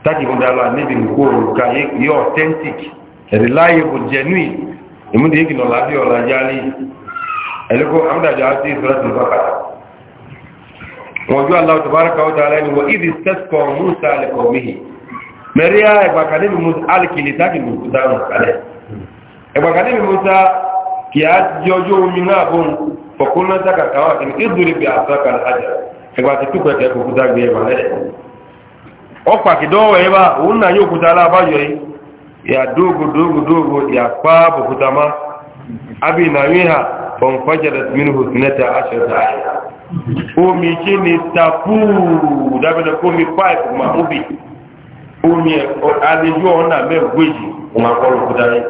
A: tàbí ìmúdàlá níbi ìkó olùka yẹ authentic reliable genuine ìmúdà yìí kìnnà lábẹ́ ọ̀la yálé ẹ̀lẹ́kọ́ amúdàjọ́ àti ìfúrásì bàkàtà wọn ju aláwọ̀ tó bára káwọ́ tààrà ẹni wọ ìdí sẹ́sìkọ̀ musa alẹ́kọ̀ mihi mẹ́ríà ẹgbàkadé mi musa alìkìlì tàbí musa kìí á jọjọ́ omi náà bọ́n fọkúnná sáka káwà kí ní ìdúrí bí àtúrákà àjà ẹgbà ti túkọ̀ ẹ̀kẹ́ kò kúta gbé ẹgbà lẹ́ẹ̀ ọ̀pá kìdọ́wọ̀ ẹ̀bá òun náà yóò kúta aláàbáyọ̀ yìí ìyà dóògò dóògò dóògò ìyà pààbò kúta má abi ìnàwí hà bọ̀nfàjẹ̀rẹ̀ mínú hùsùnẹ́ta aṣọ́ta omi kí ni tapúù dábẹ́lẹ̀ kómi páìpù mà óbì omi àlejò ọ̀nà mẹ́gbèjì òun àkọlù kúta yìí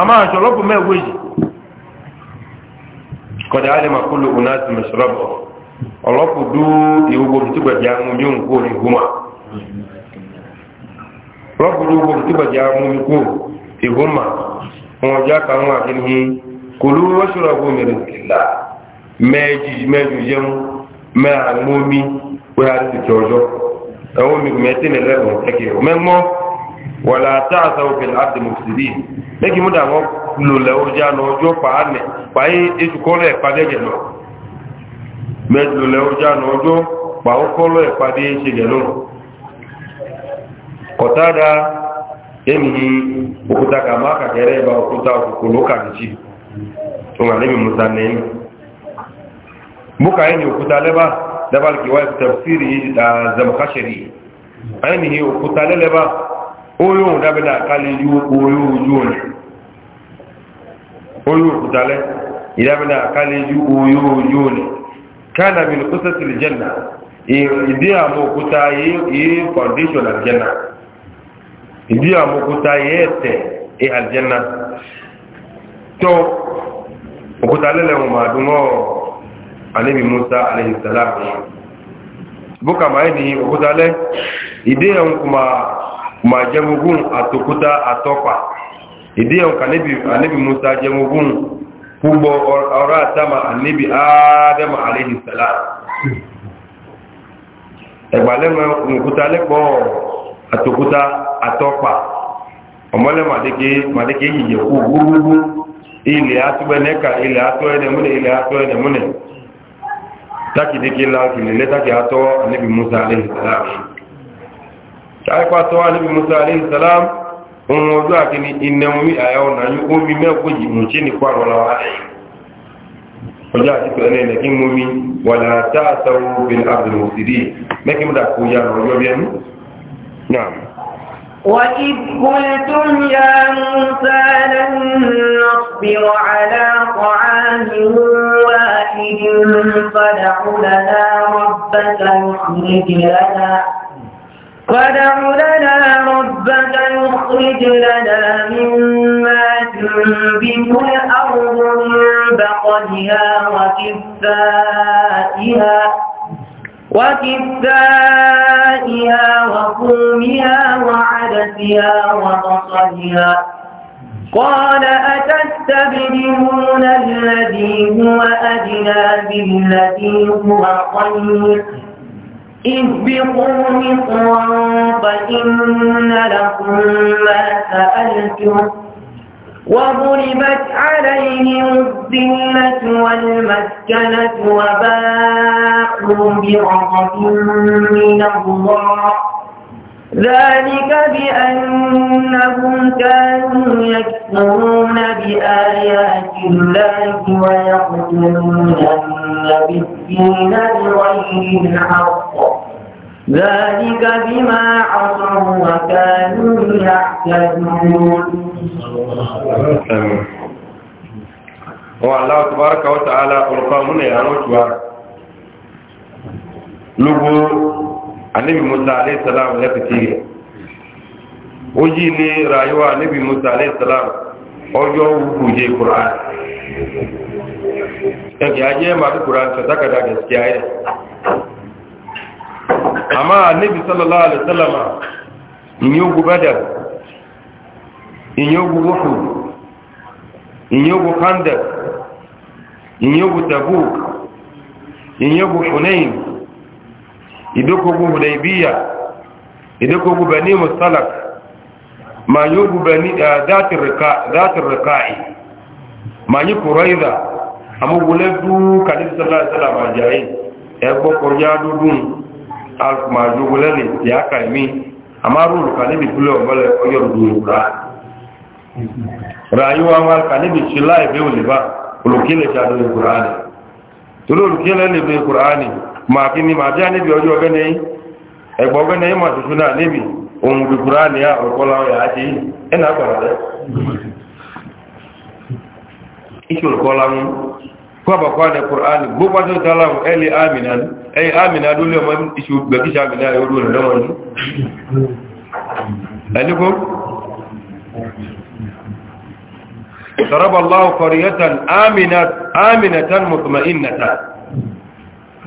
A: àmà àṣọlọ́pù mẹ́gbèjì kọjá alima kúlù unasi mẹsìlọ́bọ̀ ọlọ́pù dú ìwúgbò tìgbàjá mú mi ń kó ìhùmà ọlọ́pù dú ìwúgbò tìgbàjá mú mi kó ìhùmà wọn já ka wọn àti ní kúlù wọ́ṣọ́rọ̀bù mẹ́rin kìlá mẹ́ẹ̀jì mẹ́ẹ̀jù jẹun mẹ́à mú mi wíwá ti tẹ̀ ọjọ́ ẹ̀wọ́n mi mẹ́tẹ́lẹ̀ lẹ́wọ̀n ẹ̀kẹ́ mẹ́mọ́ wala ta'thaw fil ardi mufsidin leki muda mo lo le o ja no jo pa ne pa yi esu ko le pa de lo me lo le o ja no jo pa o ko lo e pa de se de lo kotada emi okuta ka ma ka kere ba okuta ko lo ka ji to ngale mi musa ne muka yi okuta le ba dabal olóhùn dábẹ́dà kálẹ̀ yú olóòjú ọ̀nà olóòkútalẹ́ ìdábẹ́dà kálẹ̀ yú olóòjú ọ̀nà kánàmì ní kúsẹ̀ sílẹ̀ jẹ́nà ìdí àmọ́ òkúta yìí foundation àjẹ́nà ìdí àmọ́ òkúta yìí ẹ̀tẹ̀ ẹ̀ àjẹ́nà tó òkúta lẹ́lẹ̀wọ̀n máa dún ọ́ alẹ́bí musa alẹ́yìn sàlámù bókà máa ní òkúta lẹ́ ìdí àwọn kùmà ma jamugun atokuta atopa idi on kanibi anibi musa jamugun kubo ora tama anibi adam alayhi salam egbale ma nkuta lepo atokuta atopa omole madeke madeke yiye ku gugugu ile atube ile mune ile mune musa àìpàtọ́ alẹ́bí musa aléìsàlám ohun ọjọ́ àkíní inẹ̀mí àyà ọ̀nà yí omi mẹ́kòjì mú ṣe ní pàrọ̀lá ọjọ́ àti pẹ̀lẹ́ ilẹ̀ kí mú mi wà láàtà àtàwọn obìnrin abdul musiri mẹ́kí múdà kó yá lọ́jọ́
B: bí على طعام واحد فدع لنا ربك يخرج لنا فدع لنا ربك يخرج لنا مما تنبت الأرض من بقدها وكفائها وكفائها وقومها وعدسها وبصرها قال أتستبدلون الذي هو أدنى بالذي هو خير اهبطوا مصرا فإن لكم ما سألتم وضربت عليهم الذلة والمسكنة وباءوا بغضب من الله ذلك بأنهم كانوا يكفرون بآيات الله ويقتلون النبيين بغير الحق ذلك بما عصوا وكانوا يعتدون
A: والله تبارك وتعالى قل يا يا نوتوا لبو annabi musa alayhi salam ya fiti oji ni rayuwa annabi musa alayhi salam ojo wuku je qur'an
C: yake aje ma
A: qur'an ta daga da gaskiya ne amma annabi sallallahu alaihi wasallama in yogu badar in yogu wuku in yogu khandaq in yogu tabuk in yogu hunain idokogu hudaybiya idokogu bani mustalak ma yogu bani eh, dati rika dati rikai ma yi quraiza amu gule du kadi sallallahu alaihi wasallam ajayi e gbo korja dudun al ma jugule ni ya kai mi amaru lu kadi bi bulo ngale oyo du ra rayuwa wal kadi bi chilai be uliba ulukile jadu qur'ani tulul kile ni bi qur'ani màá kí ni màá bí aníbi ọjọ́ ọbẹ̀ nẹ́yìn ẹ̀gbọ́n ọbẹ̀ nẹ́yìn màá tuntun náà níbi ohun kúkúrú àní ọ̀kọ́lá ọ̀yà á ti ẹ̀ náà gbàrà rẹ̀ ìṣòro kọ́lá ń kọ́bà kọ́ ní kùránì gbogbo tó tààlà ẹ̀ lè àmìnà ẹ̀ àmìnà lólè ọmọ ìṣòro gbẹ̀kíṣà àmìnà ẹ̀ olú ọ̀rẹ́ wọn ẹ̀lẹ́kọ́ ضرب الله قرية آمنة آمنة مطمئنة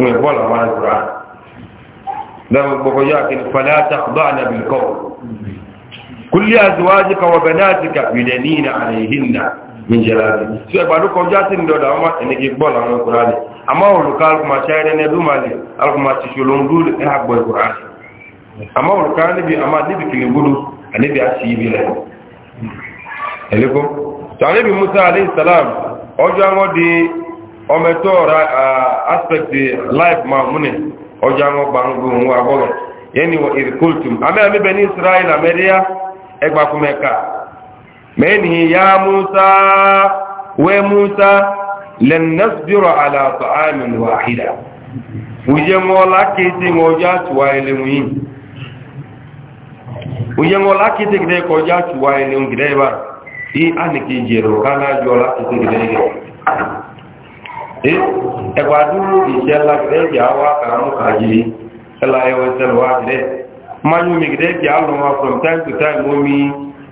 A: ìwé bọ́ọ̀lù àwọn àjùrà lẹ́wọ̀n gbogbo yóò kí ni fàlẹ́ àtàkùbá ànàbì kọ́ kúlé àjùwájú kọwọ́ bẹ̀ náà ti kàpì lẹ̀ ní ìnà àrẹ̀hìnà ìjẹ̀láàbì tí ẹgbàdú kọjá sí ìdọ̀dọ̀ àwọn ẹnìkì bọ́ọ̀lù àwọn ọkùnrin rẹ̀ àmọ́ òrùka alùpùpàṣẹ ẹrẹ́ni ẹdúmàlẹ̀ alùpùpàṣẹ ṣòlóńdú ẹ̀hàgbọ̀ ìkùnrin àmọ́ òrùka níbi àmà níbi kìlìgbódò àníbi àṣì ibi ọmọtọ ra aspekti life ma múnẹ̀ ọjọ́ àwọn gbàngbò ohun agbọ́gẹ̀ yẹni wọ ìrìkúltùm amẹ́bẹ̀ ní israel amẹ́ríà ẹgbàkúnmẹ́ka ya musa wee musa lẹ́nẹ́sbírọ̀ aláàtọ̀ àmìn wàhídà uje mọ́lá kéèsì ọjọ́ àtúwà ẹlẹ́wọ̀n yìí uje mọ́lá kéèsì ẹgbà dúró ìṣẹ́ àwọn àkàràmù kàáyé ẹlà ẹwẹ́ sẹ́lọ jẹ́ mányú mi gẹ́gẹ́ àlọ́ wa from time to time omi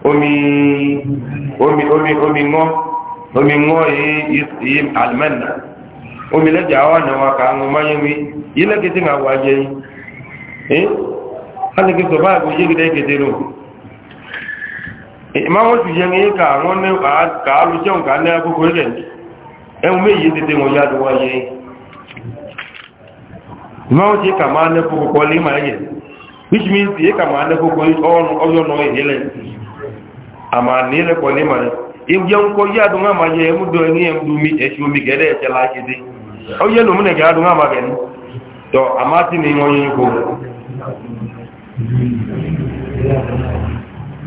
A: omi omi omi ngọ́ yìí alimẹ́nà omi lẹ́jẹ̀ àwọn àna wa kà tí ń àwọn ajẹ́ eh, a ti kí sọ̀bá àgbò yìí. ẹ̀hùn méjì tètè wọn yáàdù wáyé ìmáwọn tí e máa nẹ́fọ́kọ́ kọ́ lé máa yẹ̀ which means tí kà máa nẹ́fọ́kọ́ ọyọ́nà ìhílẹ̀ àmà nílẹ̀ kọ́ lé máa yẹ̀ ìjẹ́ ń kọ́ yáàdù wọn máa yẹ ẹmúdọ̀ ní ẹmúdù mi ẹ̀ṣù omi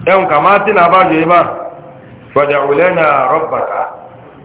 A: ẹ̀hùn kà máa tí nà bá òlẹ́nà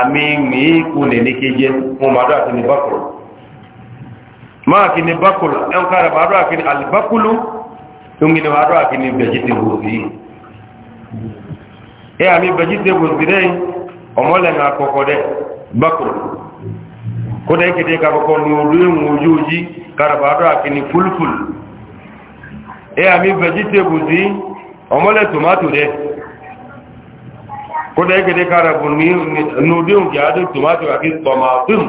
A: ami mi kune nikije mu madu akini bakul ma akini bakul en kara madu akini al bakulu tungine madu akini bejite buzi e ami bejite buzi dai omole na kokode bakul kode kite ka ko nudu mujuji kara madu fulful e ami bejite buzi omole tomato dai kódà ìgbèdè kárabù ní nùdí òǹkì àdó tòmátò àti tòmátùm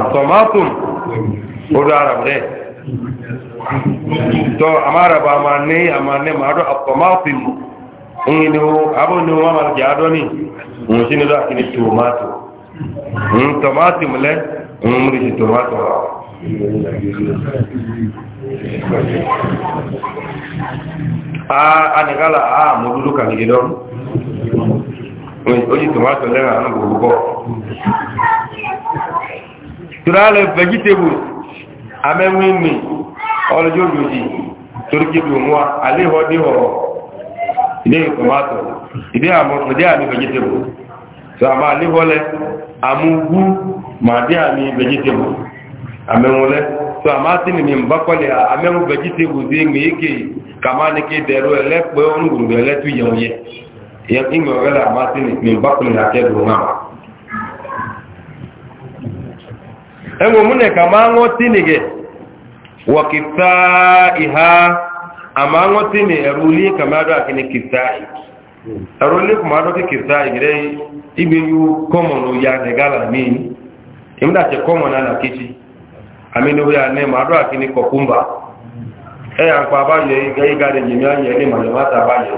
A: àtòmátùm odò arabu rẹ̀ tó àmàràbà àmà ní àmà ní màá dọ́ àtòmátùm òun ni ó abó ni wọ́n máa jẹ́ àdó ní òun sí ni dọ́ àti ní tòmátò tòmátùm lẹ́ òun mú ní tòmátò rà. Thank you. anìkálà àà mọ̀ dúdú kà nìdí lọ́rùn ojí tomato lẹ́rìn àwọn gbogbo tomato ìdí àmọ́ ìdí àmì vegetables so àmà aléhọ́lẹ̀ àmúgbú màdí àmì vegetables le. so amati ni mbakole amemu bejiti guzingi iki kamani ki deru ele pe ongungu ele tu yoye ya ingo wala amati ni mbakole na kedu ngama engo mune kamango tinige wa kifaiha amango tini eruli kamado akini kifai eruli kumado ki kifai gire ibi yu common ya negala nini imda che common ana kichi aminu ya ne ma do akini kokumba e hmm? ya kwa ba ye ga iga de jimi an ye ni ma le mata ba ye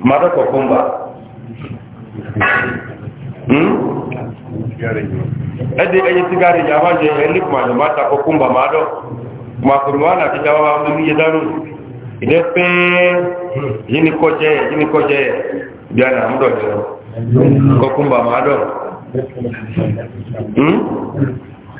A: ma do kokumba hm ede eye tigari ya ni ma le mata kokumba ma do ma kurwana ti jawa mu ye daru ide pe yini koje yini koje bi ana mdo kokumba ma do hmm?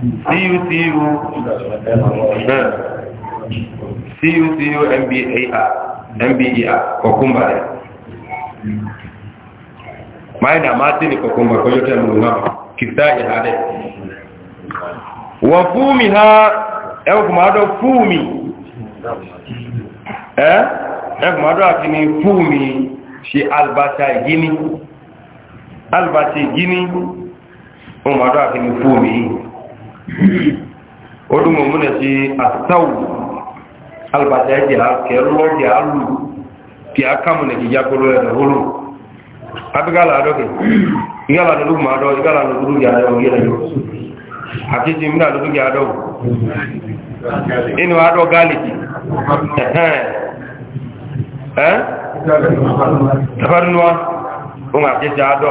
A: cucu bẹ́ẹ̀ cucu mbar mber kọkúmbà rẹ̀ máa ní àmáàtí ní kọkúmbà kọjọ́ tẹ́ lọ náà kìtà ìhà rẹ̀ wọ́n fúmi ha ẹwùkùnmọ́dọ̀ fúmi ẹ́ ẹwùkùnmọ́dọ̀ àti ní fúmi ṣe albasa gini albasa gini ọmọdọ̀ àti ni fúmi yìí o dun na muna ci asaw albata ji ha ke lo ji alu ki aka mu ne ki ja ko lo da hulu abiga la do ke iga la do ma do iga la do du ya do iga do ati ji mi la do ya do inu ado galiki eh eh tafarnuwa o ma ke ja do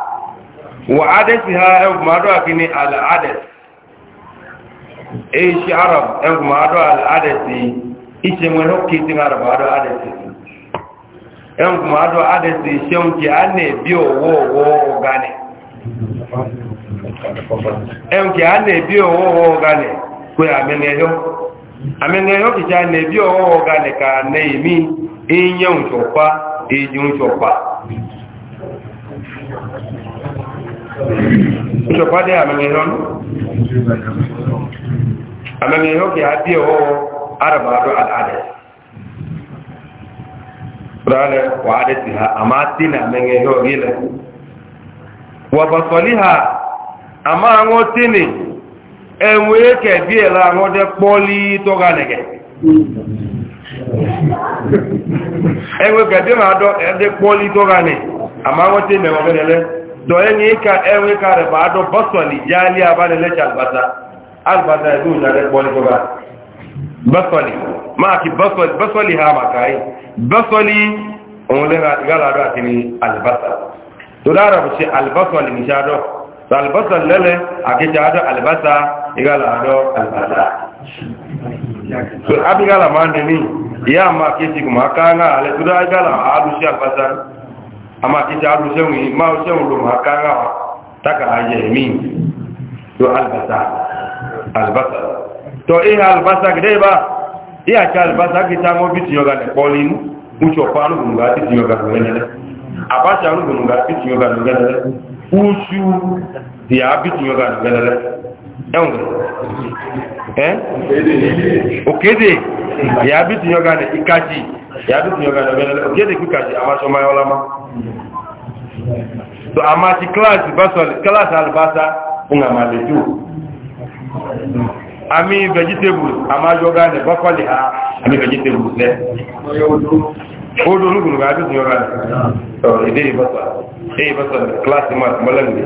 A: wa adesi ha ẹgbùmọ́dọ́ àkíní al'adẹ̀sì eyi ṣe arab ẹgbùmọ́dọ́ al'adẹ̀sì iṣẹ́ wọn ó kí tí arab adọ́ adẹ̀sì ẹgbùmọ́dọ́ adẹ̀sì a na-ebi ọwọ́ ọwọ́ ọ̀gánì nke a na-ebi ọwọ́ ọwọ́ ọ̀gánì pé àmìnẹ̀yọ́ àmìnẹ̀yọ́ ka na emi inye ṣọ̀pá èyí ìṣọ̀pádé àmẹ́mẹ́họ́ kí a bí ọwọ́ arabado al'adẹ̀ rálẹ̀ wà á ha a máa tí ní àmẹ́mẹ́họ́ rílẹ̀ wà bà sọ̀lí ha a máa wọ́n tí ní ẹ̀wọ̀n bí ẹ̀lá pọ́lí nẹ̀gẹ̀ ẹ̀wọ̀n bí ẹ̀lá pọ́lí nẹ̀ dọ̀yẹ́nyẹ ka ẹwẹ́ ka rẹ̀ bá dọ́ bọ́sọ̀lì jáálí abánilẹ́ṣẹ́ albata albata ẹ̀dù ìjàrẹ́ pọ́lẹ́gbọ́gbà bọ́sọ̀lì máa kí bọ́sọ̀lì ha màkàáyì bọ́sọ̀lì òun lẹ́gbàládọ́ àti ní àti ní ama kita alu sewi ma sewi lu makanga taka aje mi to albasa albasa to e albasa gide ba e a cha albasa kita mo biti yoga ne polin ucho panu bunga biti yoga ne ne abasa lu bunga biti yoga ne ne uchu dia biti yoga ne ne ẹ̀wọ̀n ẹ́ òkéde ìyábí ti yọ́gá ní ìkájì ya duk yoga da bela oke da kika ji amma shoma yola ma to amma ti class basal class albasa unga maletu ami vegetable amma yoga ne bakali ha ami vegetable ne o do lugu ga duk yoga to idai basal eh basal class ma malan ne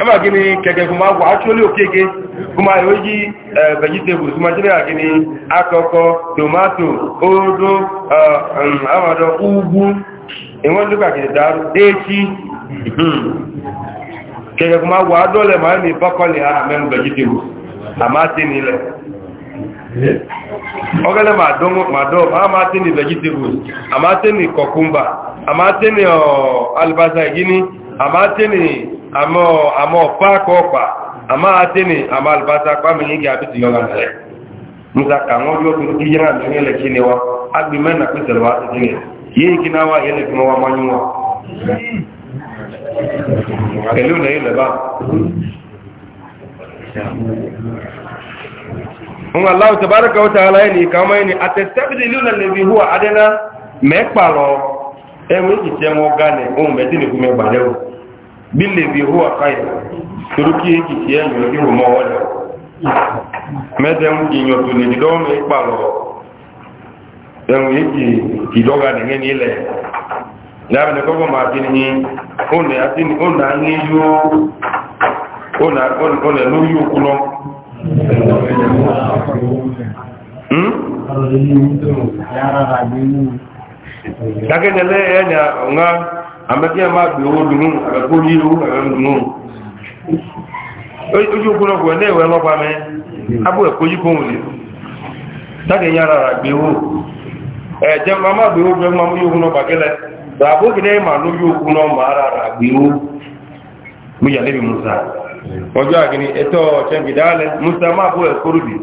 A: ẹmà gini kẹ̀kẹ́ fún ma wà áṣíọ́lé òkèèké fún ma yóò yí vegetable fún ma jẹ́ àgini akọkọ tomato oòdó àmàdọ̀ ugwu ìwọ́n lókà kìí dáadọ́ déèkì kẹ̀kẹ́ fún ma wà ádọ́lẹ̀ ma ní bọ́kọlẹ̀ àmẹ́nu vegetable àmá tí nílẹ̀ ọgẹ́lẹ́ ma dọ́ àmá tí àmọ́ àmọ́ pákọ̀ ọ̀pá àmọ́ àtẹ́ni àmọ́ albata pàmìlì gẹ̀ àbìtì yọ́ lọ́nà musa kàwọn yóò tún kí yẹ́nà àmì ilẹ̀ kí ni wa agbè mẹ́rin àpín sẹ̀lẹ̀wà àti ní yìí kí náà wá ilẹ̀ fún wa mọ́ yún wa pẹ̀lú ilẹ̀ ilẹ̀ bá wọn aláwọ̀ gánẹ̀ ohun mẹ́tìlẹ̀kú mẹ́gbàlẹ́wọ̀ bile bi huwa kai turuki yiki ya yo ki rumo wala mede mu ki nyoto ni dido me ipalo en yiki ki doga ne ngeni ile Ya ne ko ma kini ni on ne atini on na ni yo on na on on no hmm dagene le nga àmẹ́kí ẹ̀ máa gbèrò dùnú àgbẹ̀kó yíru àgbẹ̀dùnú ojú okun ọkùn ẹ̀ lẹ́ẹ̀wẹ̀ lọ́pa mẹ́ abú ẹ̀kọ́ yí kóhùn lè dákẹ̀ yára rà ẹ̀jẹ̀ mà ara rà gbèrò mú yà lẹ́bi musa ọjọ́ àgbẹ̀ni ẹ̀tọ́ ọ̀chẹ́ngidálẹ̀ musa ẹ̀kọ́ rúbi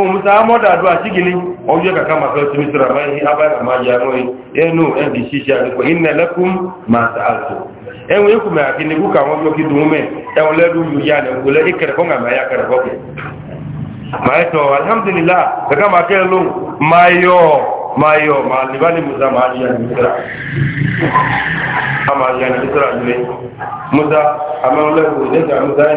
A: ohun tí a mọ́dà àdó àtígìlì ọjọ́ kàkà máa fẹ́ túnmí síra máa yí abáyà máa yà mọ́ ẹnu ẹ̀dì ṣíṣẹ́ àdúgbò iná ẹlẹ́kùn máa sàátò ẹ̀wọ̀n yóò kùmẹ̀ àti ní kúkà wọn lókè dùn mẹ́ ẹ̀wọ̀n lẹ́rú yóò yá ní ọgbọ̀lẹ́ ìkẹrẹ̀kọ́ ngà máa yá kẹrẹ̀kọ́ kẹ. a musa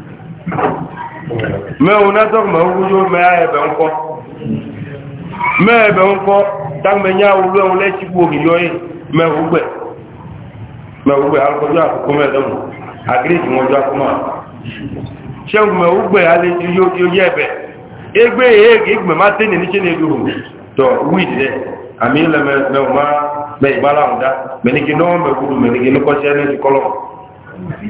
A: mẹ́wọ̀n náà tọ́kùnmà wúyó mẹ́ẹ̀bẹ̀ ńkọ́ mẹ́ẹ̀bẹ̀ ńkọ́ dágbẹ̀nyá olú ẹ̀wọ̀n lẹ́ṣígbò ògìyọ́ yìí mẹ́wùgbẹ̀ mẹ́wùgbẹ̀ alùpọ̀jọ́ àkókò mẹ́ẹ̀dọ́mù àgíríjì wọn jọ akọ́mọ́ ṣẹ́gun mẹ́wùgbẹ̀ alẹ́jú yóò yẹ ẹ̀bẹ̀ égbé ìgbẹ̀ má tẹ́ nìníṣẹ́ egbe ẹgbẹ̀rù tọ̀ wíìdì rẹ̀ àmì ilẹ̀ mẹ́wùn má mẹ́ ìgbálàmùdá mẹ́nìkì náà mẹ́kúrú ti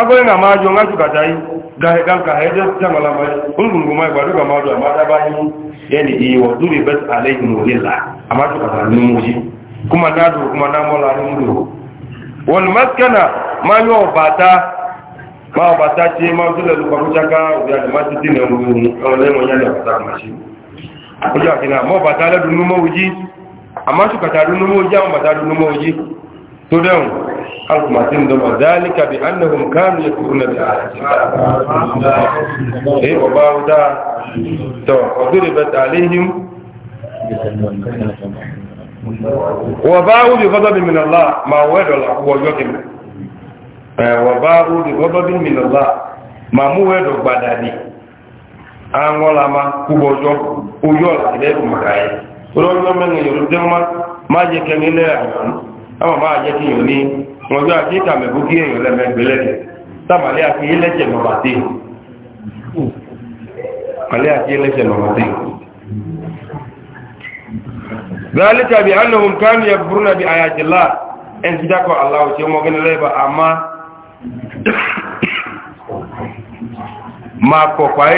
A: agbọ́n ìgbà máa jọ ńgájú kàtà yìí gàìgàǹkà ẹjẹ́ jàmàlà máa olùgbùngbò máa ìgbàdúgbà máa jọ àmá dábá yìí yẹni ìwọ̀ dúrì bẹ́ẹ̀ alẹ́ ìgbìmọ̀ lílà àmájú kàtà ní mú yìí kúmà dáàdù kúmà dáàmọ́lá ní múlò wọn mẹ́kẹ́nà máa yọ bàtà máa bàtà tí máa dúlẹ̀ lùkọ̀mùsáká òbí àdìmásítì nẹ̀rùn ọ̀lẹ́mọ̀ yẹn alkumatin da mazalika bi annahum kanu ya da ahaji wa ba'u bi ghadabin min Allah ma wa ba'u bi ghadabin min ma mu ma kubojo la ile kumakai rojo men dema ma je kenile ama ma je kinyo ni ọjọ́ àti ìkàmẹ̀bú kí èèyàn lẹ́mẹ̀gbẹ̀lẹ́gẹ̀ sábàlẹ́ àti ilẹ́jẹ̀ mọ̀bàtí alẹ́ àti ilẹ́jẹ̀ mọ̀bàtí ذلك بأنهم كانوا يكبرون بآيات الله إن صدقوا الله شيء ممكن لبا أما ما كوكاي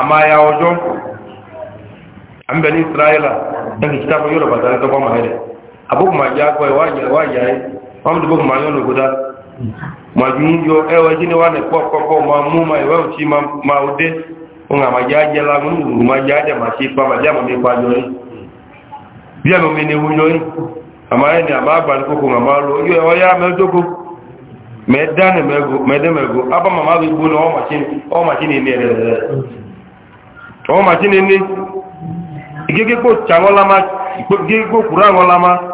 A: أما يا وجو أم بني إسرائيل إن كتاب يورو بدل تقوم هذا abụghị ma ji akwa waji anyị ọmdụbụghị ma n'obodo a ma ji yo ewe ji na wana ọkpọkpọ ma mụ ma ewe uchi ma ma ji ajela nwụrụ ma ji aja ma chi ma ji amam ikpa bịa ewu amaghị ama ma malụ ọya ma ma aba ma na ọmachi na ọmachi na ikekekpo kwuru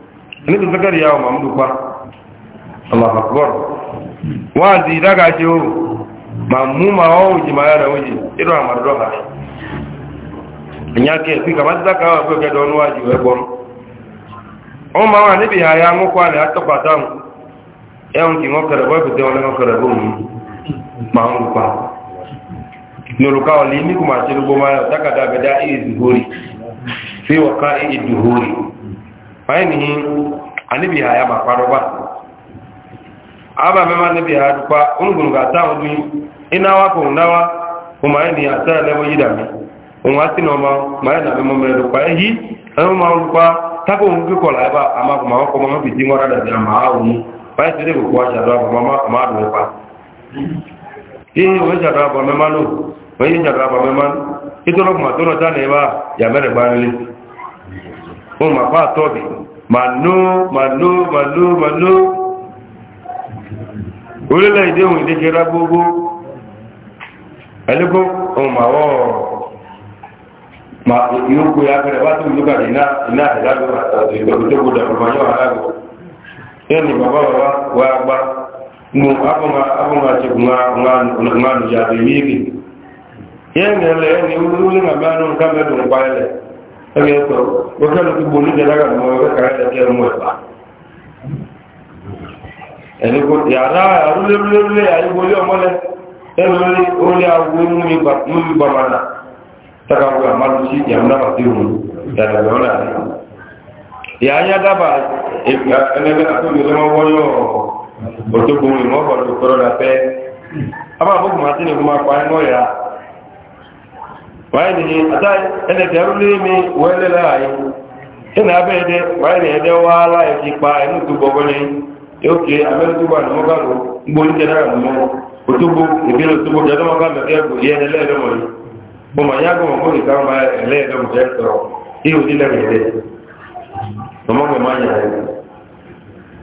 A: níbi zakari yàwó mamudu pa allah akbar wọ́n ti dága ṣe o ma mú ma ọ́ òjì ma yára òjì ìrọ̀ àmàdọ́ ha ìyákẹ́ fi kàmá ti dáka wà pé ọ̀kẹ́dọ̀ níwájú ẹgbọ́n wọ́n ma wà níbi àyà ńkọ́ àlẹ́ àtọ́pàtà ẹ̀hùn kì wọ́n kẹrẹ̀ bọ́ẹ̀bù wọn ma ń ní ṣe ma fayinihi anibi ha ya makwarogba aba mema anibi dukwa ungun ga ta odu inawa ko ndawa kuma ni ata lebo yidami unwa tino na memo dukwa ehi ma dukwa tako ungu ko la ama kuma ko ma bi dingora ya ma awu fa ko ja do ba ma ma do pa yi we ja ba mema no we ba mema itoro kuma toro ba ya mere ba wọn ma fa tọ́bi ma nó ma nó ma nó ma nó orílẹ̀ èdè òun ìdíje rá gbogbo ẹlẹ́kọ́ ohun ma wọ́ ma ìyókù ya fẹ́rẹ̀ wá tó ìlúkà iná ìdájọ́ àti ìgbẹ̀gbẹ̀gbẹ̀ dàgbà yóò aláàgbò yẹn ni bàbá wa wá gbá mo abọ́n ma ṣe ńlá nùjà bèbí yìí yẹn ni ẹlẹ́ ẹni olóòlù nàbẹ́ àánú nǹkan mẹ́dùn pa ẹlẹ́ ẹgbẹ́ ẹ̀tọ́ wọ́kẹ́lù gbogbo oníjẹ lára mọ́ ẹgbẹ́ kàrẹ́ ẹ̀jẹ́ ẹ̀mú ẹ̀bá ẹ̀lẹ́gbọ́ yàrá àrúlérúlérúlé àyíwọlé ọmọlẹ́ ẹ̀rọlé orí awo múmi bàmàdà takawo àmàlùsí yàmúlá àti òun ìdàgbẹ̀rẹ̀ ọ̀nà rẹ̀ yàáyá dábà ẹgbẹ́ àtúnyẹ̀ lọ́mọ wọ́yọ̀ òtógbòmù ìmọ̀ wáyé nìyí àtàyè ẹnì kẹrù lé mi wọlé láàyè ẹnì abẹ́ ẹ̀dẹ́ wáyé nìyí ẹ̀dẹ́ wá láyé ti pa ẹnu tó bọ̀bọ̀ lé yóò ké abẹ́rẹ́ tó bá ní mọ́ká lò gbó ní kẹrẹ́ àmì mọ́ òtógbó ìbílẹ̀ òtógbó kẹrẹ́ mọ́ká mẹ́kẹ́ ẹ̀kọ́ yẹ ẹni lẹ́ẹ̀dọ́mọ̀ yìí bọ́n mà yá gbọ́n mọ́ ìka ọmọ ẹlẹ́ẹ̀dọ́mọ̀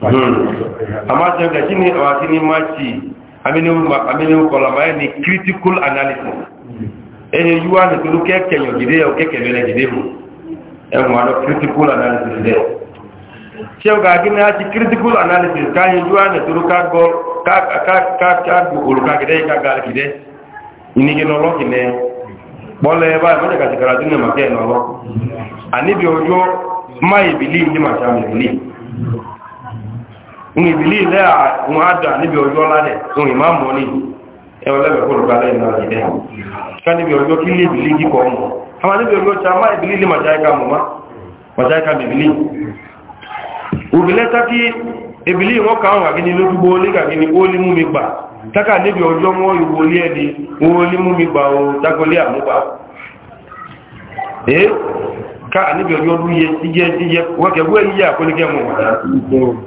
A: Hmm. amma janga shine wa shine maci amini amini kola mai ni critical analysis eh yuwa ne kulu keke yo gide yo keke bele gide mu eh ma no critical analysis de cheu ga gine ha critical analysis ka yuwa ne kulu ka go ka ka ka ka go kulu ka gide ka ga gide ini ge no lo gine bole ba mo ka tikara dunne ma ke no lo ani bi ojo believe ni ma believe ní ìbílí ilẹ̀ àwọn àdà níbi ọjọ́ lálẹ̀ ohun ìmá mọ́ ní ẹwọ lẹ́bẹ̀ẹ́ kó lùgbàlẹ̀ ìlà ìdẹ́ ká níbi ọjọ́ kí lè ìbílí kíkọ́ ọmọ àwọn níbi ọjọ́ tí a máa ìbílí lè màjáíká mọ́má màjáíká bìbílí òbílẹ̀ tákí ìbílí wọn káwọn àgíní lójúgbó onígàgíní ó ní mú ká níbi ọjọ́ ọdún yẹ síyẹ síyẹ wọ́n kẹ̀wé yíyà kó ní kẹ́ mọ̀ wọ̀nyá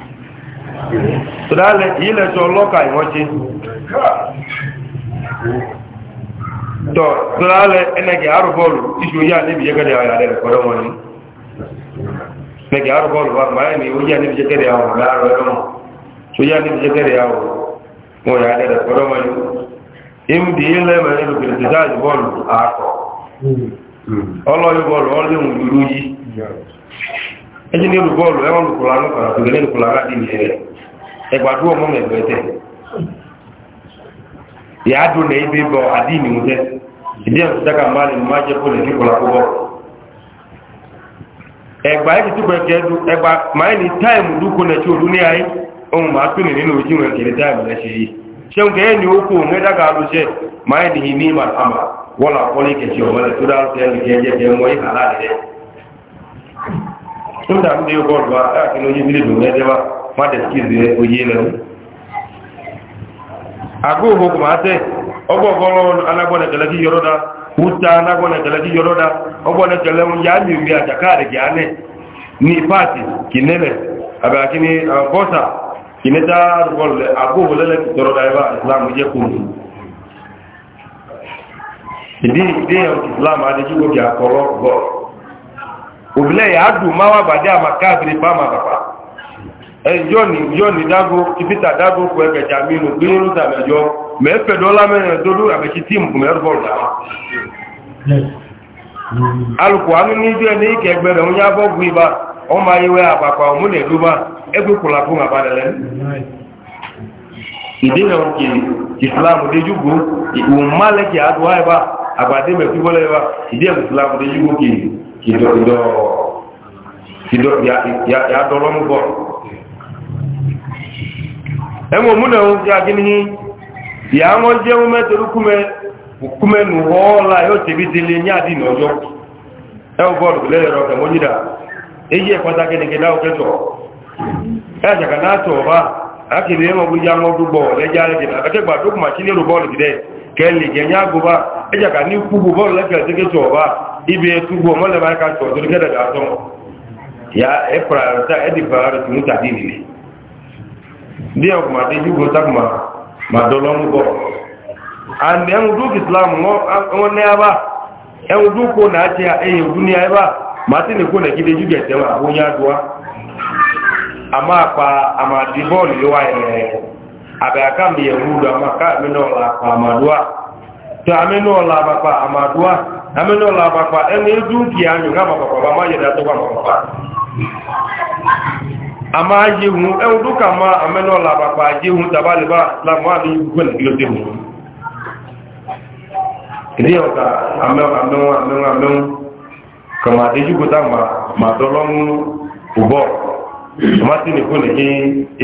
A: tọ́lálẹ̀ ilẹ̀ tó ọlọ́kà ìwọ́nṣe tọ́ tọ́lálẹ̀ ẹnẹgẹ̀ arúbọ́ọ̀lù tíṣù yà níbi jẹ́gẹ́dẹ̀ àwọn ìyàlẹ̀ ẹ̀kọ́rọ̀ wọn ni ẹnẹgẹ̀ arúbọ́ọ̀lù wà máa ní oyà níbi jẹ́gẹ́dẹ̀ àwọn ọ̀gáàrọ̀ ẹ̀rọ̀ tó yà níbi jẹ́gẹ́dẹ̀ àwọn ìyàlẹ̀ ẹ̀kọ́rọ̀ wọn ni ìmùdí ilẹ̀ mẹ́rin lùkìrìtì sáàjì bọ́ọ̀lù àkọ́ ọlọ́yọ̀ bọ́ọ̀lù ọlẹ́hùn ìlú yìí ẹjẹ́ nílùú bọ́ọ̀lù ẹwọ́n lùkùlà ní kọ̀ọ̀lù egba ọmọ mẹgbẹ tẹ yàá dùn ní ibi bọ àdínì ń tẹ ìdí ẹ̀sùn dáka máa lè máa jẹ́ kó lè na kọlá kọ́bọ̀ ẹgbà ẹ̀kì tó pẹ̀kẹ́ ẹ̀dù ẹgbà máa ní táìmù dúkọ nẹ̀ tí ma dún ní ayé ohun máa tún ní nínú ojú ẹ̀kẹ̀rẹ̀ táìmù lẹ́ṣẹ̀ yìí ṣeun kẹ́ ní ókú òun ẹ̀dáka alóṣẹ́ máa ní ní màtàmà wọ́n là kọ́lé kẹ̀ṣì ọ̀mọ́lẹ̀ tó dárúkọ ẹ̀kẹ́ ẹ̀jẹ̀ mada skizi oyele ago ho kumate obo goro anagbo na kala ki yoroda uta anagbo na kala ki yoroda obo na kala mu ya mi mi ajakare ki ane ni party kinele aba kini bosa kineta rubol ago ho lele ki yoroda eba islam je ku ya islam ade ji go ya koro go obile ya du mawa bade amakabri ẹjọ́ni yọ́ni dágbó kìfítà dágbó kò ẹgbẹ̀jà mínú gbínú tàbẹ̀jọ́ mẹ́fẹ́ dọ́lá mẹ́rin dọ́lú àbẹ̀ṣí tíìmù mẹ́rùbọ̀lù dáwà alùkò anú ní ibi ẹni ìkẹgbẹ̀rẹ̀ ń yábọ̀ gbé bá ọmọ ayẹwẹ́ àpapà òmúlẹ̀ lóbá ẹgbẹ́ kùlà fún àbálẹ̀lẹ́ ìdíyàn òkèlè ìsìlámù déjúgbó ìwòmálẹ́kì àdúrà ẹ̀bá àgbàdé mẹ́fíwọ́lẹ́ ẹ̀bá ìdíyàn ìsìlámù déjúgbó kìdọ̀ ìdọ̀ ìdọ̀ ìyàdọ̀lọ́mú bọ̀ọ̀ ẹ̀wọ̀n múnà ń ga gíní ìyá wọn jẹ́ wọn mẹ́tẹ̀rú kúmẹ́ nù ọ́ọ́lá yóò tẹ̀bí délé ní àdínà ọjọ́ ẹ̀wọ̀n bọ́ọ̀lù lẹ́yẹ̀rọ kẹ̀mọ́ yídà èyí ẹ̀ pàtàkì nìkẹ́ náà kẹ́tọ̀ ẹ̀ àjàkà náà tọ̀ ọ̀bá akìlẹ̀ ẹ̀wọ̀n gbé já wọn dúgbọ̀ lẹ́jà ẹ̀jẹ̀ àkẹ́gbà ndị a kuma dị jugo tak ma ma dọlọ ngọ and ẹnwụ duk islam ngọ ne aba ẹnwụ na achi ya eyi duniya eba ma ti ne ko na gide jugo ete ma abụ onye adụwa ama akpa ama di bọọlụ yiwa ere abịa aka mgbe ya nwudo ama ka amenọla akpa amaduwa to amenọla abakpa amaduwa amenọla abakpa ẹnwụ edu nke ya anyụ ha ma papa ma yere atọkwa ma àmá yíhun ẹun dúkà ma àmẹ́nà làbàpà yíhun tàbálẹ̀bá lámọ́ àbí gbogbo ìlú tí wọ́n ìdíyàn ọ̀ta àmẹ́wọ̀n àmẹ́wọ̀n àmẹ́wọ̀n kàmà àdéjúgbótà ma dọ́lọ́mú òbọ̀ tòmátì nìkú nìkí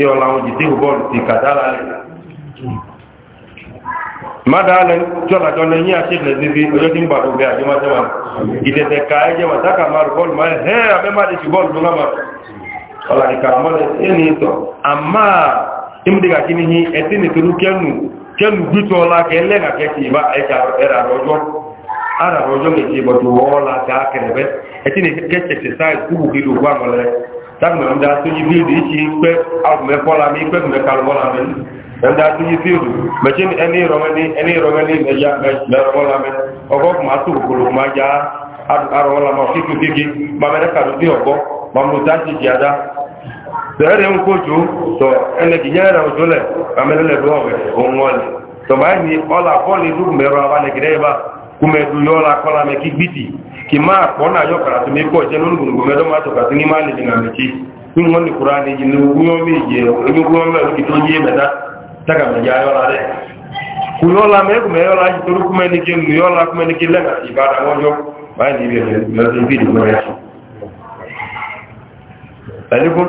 A: ìyọ̀lá wọn jìdí òbọ̀ ti kàdálà rẹ̀ mádàálẹ̀ jọ́làjọ́ lẹ́yìn àṣílẹ̀ níbi ọjọ́ tí ń gbàgbọ́ ma àjọmọ́jọ́wà ìdẹ̀dẹ̀ ká ẹjẹ́ wà tákà márùn bọ́ọ̀lù máa ẹ̀ ẹ́ ọ̀là ìkàràmọ́lẹ̀ ẹni ìtọ̀ àmà ìmúdíga kí ní hí ẹtí nìtòrú kẹnu kẹnu gbítọ̀ ọlá kẹlẹ́gà kẹtì ìbá ẹ̀ràrọ̀jọ́ aràrọ̀jọ́ kẹtì ìbọ̀tò ọlá kẹkẹrẹbẹ ẹtí ní kẹtì exercise kúrò kìlò wà mọ́lẹ̀ tábìlì ọ̀dá tó yí bíèdì ìṣe pẹ́ àgùnmẹ́kọ́lá mi pẹ́ àgùnmẹ́kọ́lá mi ẹ̀dá tó yí fíìlù mẹ́tíni ẹni ìrọ̀mẹ́ni ẹni ìrọ̀mẹ́ni mẹ́yà mẹ́rọ̀mọ́lámẹ́ ọgọ́ kùmà tó kòkòrò kùmà já arọ̀mọ́lámọ́ fífi fífi mamẹ́rẹ́kà ló dé ọ̀gọ́ mamuta ti jada bẹ̀rẹ̀ ń kójú tọ ẹnẹkì yẹn rẹ̀ ojú lẹ̀ amẹ́lẹ́lẹ̀ bí ọ̀rẹ́ òun wọlé tọmọ ẹni ọlà bọ́ọ̀lì dùn mẹ́rọ abanẹ̀gẹ́dẹ́ bá kúmẹ̀dù yọ ọlà kọ́lá mẹ́ kí gbìtì kì máa pọ̀ náà yọ wọ́n lè kura ní ìjìnlẹ̀ ogúnyọ́ méje ogúnyọ́ mẹ́rin kì tó yé mẹ́ta tága mẹ́jẹ ayọ́lá rẹ̀ kùyọ́lá mẹ́kùmẹ́yọ́lá yìí torí kúmẹ́ni kí nìyọ́lá kúmẹ́ni kí lẹ́nà ìbára wọ́jọ́ báyìí ní ibi ẹ̀rẹ́ mẹ́rin bí ìdìbò rẹ̀ ẹ̀yìnkú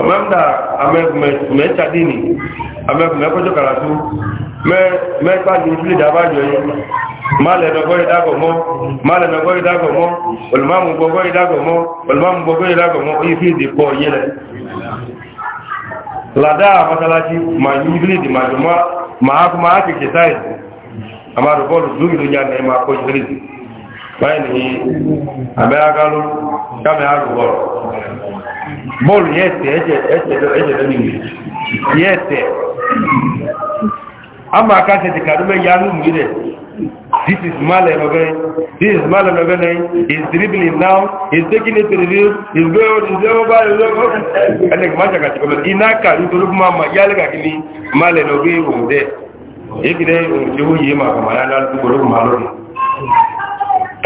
A: ọmọdé amẹ́kùnmẹ́tsadínì amẹ́kùnmẹ́kọ́jọ́ kàràtú mẹ́tàdínì fílì dábàjọ yìí má lẹ́nu ọgọ́rí dágọ̀ mọ́ má lẹ́nu ọgọ́rí dágọ̀ mọ́ olùmọ́mù gbọ́gọ́rí dágọ̀ mọ́ olùmọ́mù gbọ́gọ́rí dágọ̀ mọ́ oyin fílì dìpọ̀ yé lẹ̀ làdá àmọ́tàlájí mà yí fílì dìmàjọ́ máa kú máa kèké sáì àmàdù bọ́ọ̀lù lórí ló yá nẹ́ẹ̀ máa kọ́ fílì báyìí nìyí àbẹ́ agáló kámẹ́ àrùbọ̀ọ̀lù bọ́ọ̀lù yẹ́ ẹ̀tẹ̀ ẹ̀jẹ̀ lónìí ẹ̀tẹ̀ a máa káṣẹ̀ ti kàdúmẹ́ ya this is male mebe this is male mebe na is dribbling now is taking it to the field is going is over and like ina ka kuma ma yale ka male no be de e kire o je wo ye ma ka ma ya na tu ma lo ni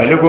A: aleko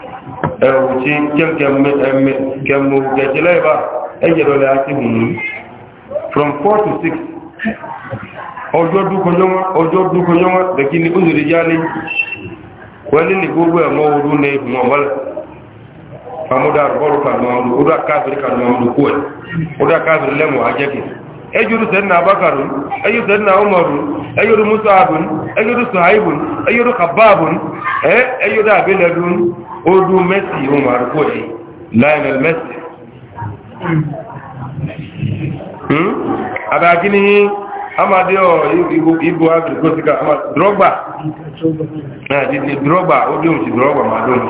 A: ẹ̀wùtí kẹmù kẹjẹlẹ́ ìbá ẹjẹ̀dọ̀lẹ̀ àti hùn from 4 to 6 ọjọ́ dúkọjọ́ wọn bẹ̀kí ni oúnjẹ́ yá ní wọ́n ní gbogbo ẹ̀mọ́ orú ní ìbùn ọmọlẹ̀ odu mẹ́sì ohun àrùkú ẹ̀ lionel mẹ́sì hmm? àbákí ní amadé ọ̀ ibu agrikó síká drọ́gbà àti drọ́gbà ó dé òun sí drọ́gbà máa dùn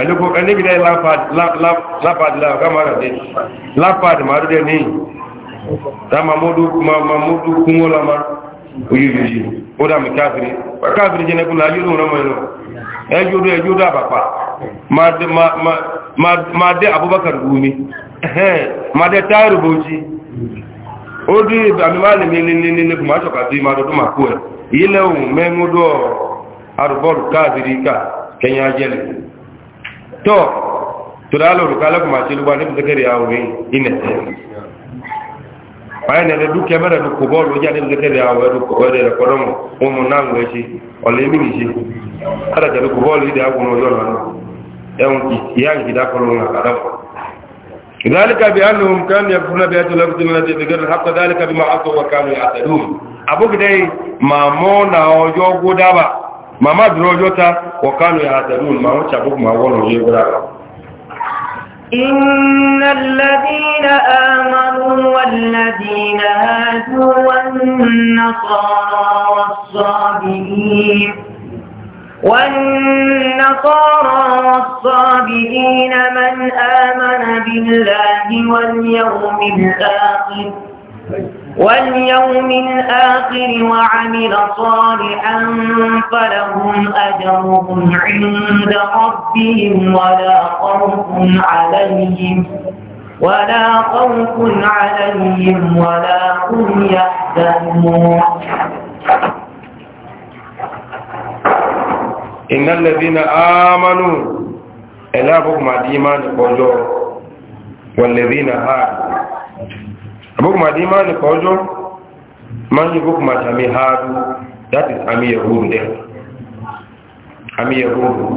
A: ẹ̀lẹ́gbọ́ ẹlẹ́gbẹ̀ẹ́ lápàdì lápàdì máa dúdẹ̀ ní ìdámàmọ́dún kún wọ́n lọ́mà oyúyúyú kódà mi káfìrí wà káfìrí jẹ nẹkùn náà ajúdùn ọmọ ẹnu ẹjọdún ẹjọdún àbàpà máa dé abubakar gúmi máa dé táàrù bọ́jí ó dí àmì máa lè mílí ní nílé fún aṣọ kàtí máa dọ́dún màkú ẹ̀ yí lẹ́wùn mẹ́múdọ́ àrùbọ́ọ̀lù káfìrí ká kẹyìn ajẹ́lẹ̀ tó tó dáálò rùkálẹ́kùn máa ṣe lúgbà ní pẹ̀lú kẹ́rì àwòrán ìnẹ̀tẹ̀ ayi na le du kɛmɛ na du ko bɔɔlu o jaabi le kɛlɛ awɔ ɛdu ko ɛdu yɛrɛ kɔnɔ mo mo mo na ŋgɔ ɛsi ɔlɛ mi ni si ala jaabi ko yi de awo n'oyɔ lɔ nù ɛmu ti ya da kɔlɔ ŋa ka da mo. ذلك بأنهم كانوا يكفرون بآيات الله في الذي بغير الحق ذلك بما عصوا وكانوا يعتدون أبوك داي ما مونا وجو غدابا ما ما دروجوتا وكانوا يعتدون ما هو شابوك ما هو نجي غدابا
B: إن الذين آمنوا والذين هادوا والنصارى والصابئين والنصارى والصابئين من آمن بالله واليوم الآخر واليوم الآخر وعمل صالحا فلهم أجرهم عند ربهم ولا خوف عليهم ولا خوف عليهم ولا هم يحزنون
A: إن الذين آمنوا إلى بكم الإيمان والذين هادوا Bukuma máa ní kọjọ́ máa ní bókùmàdé àmì haadu that is àmì yahudu dẹ àmì yahudu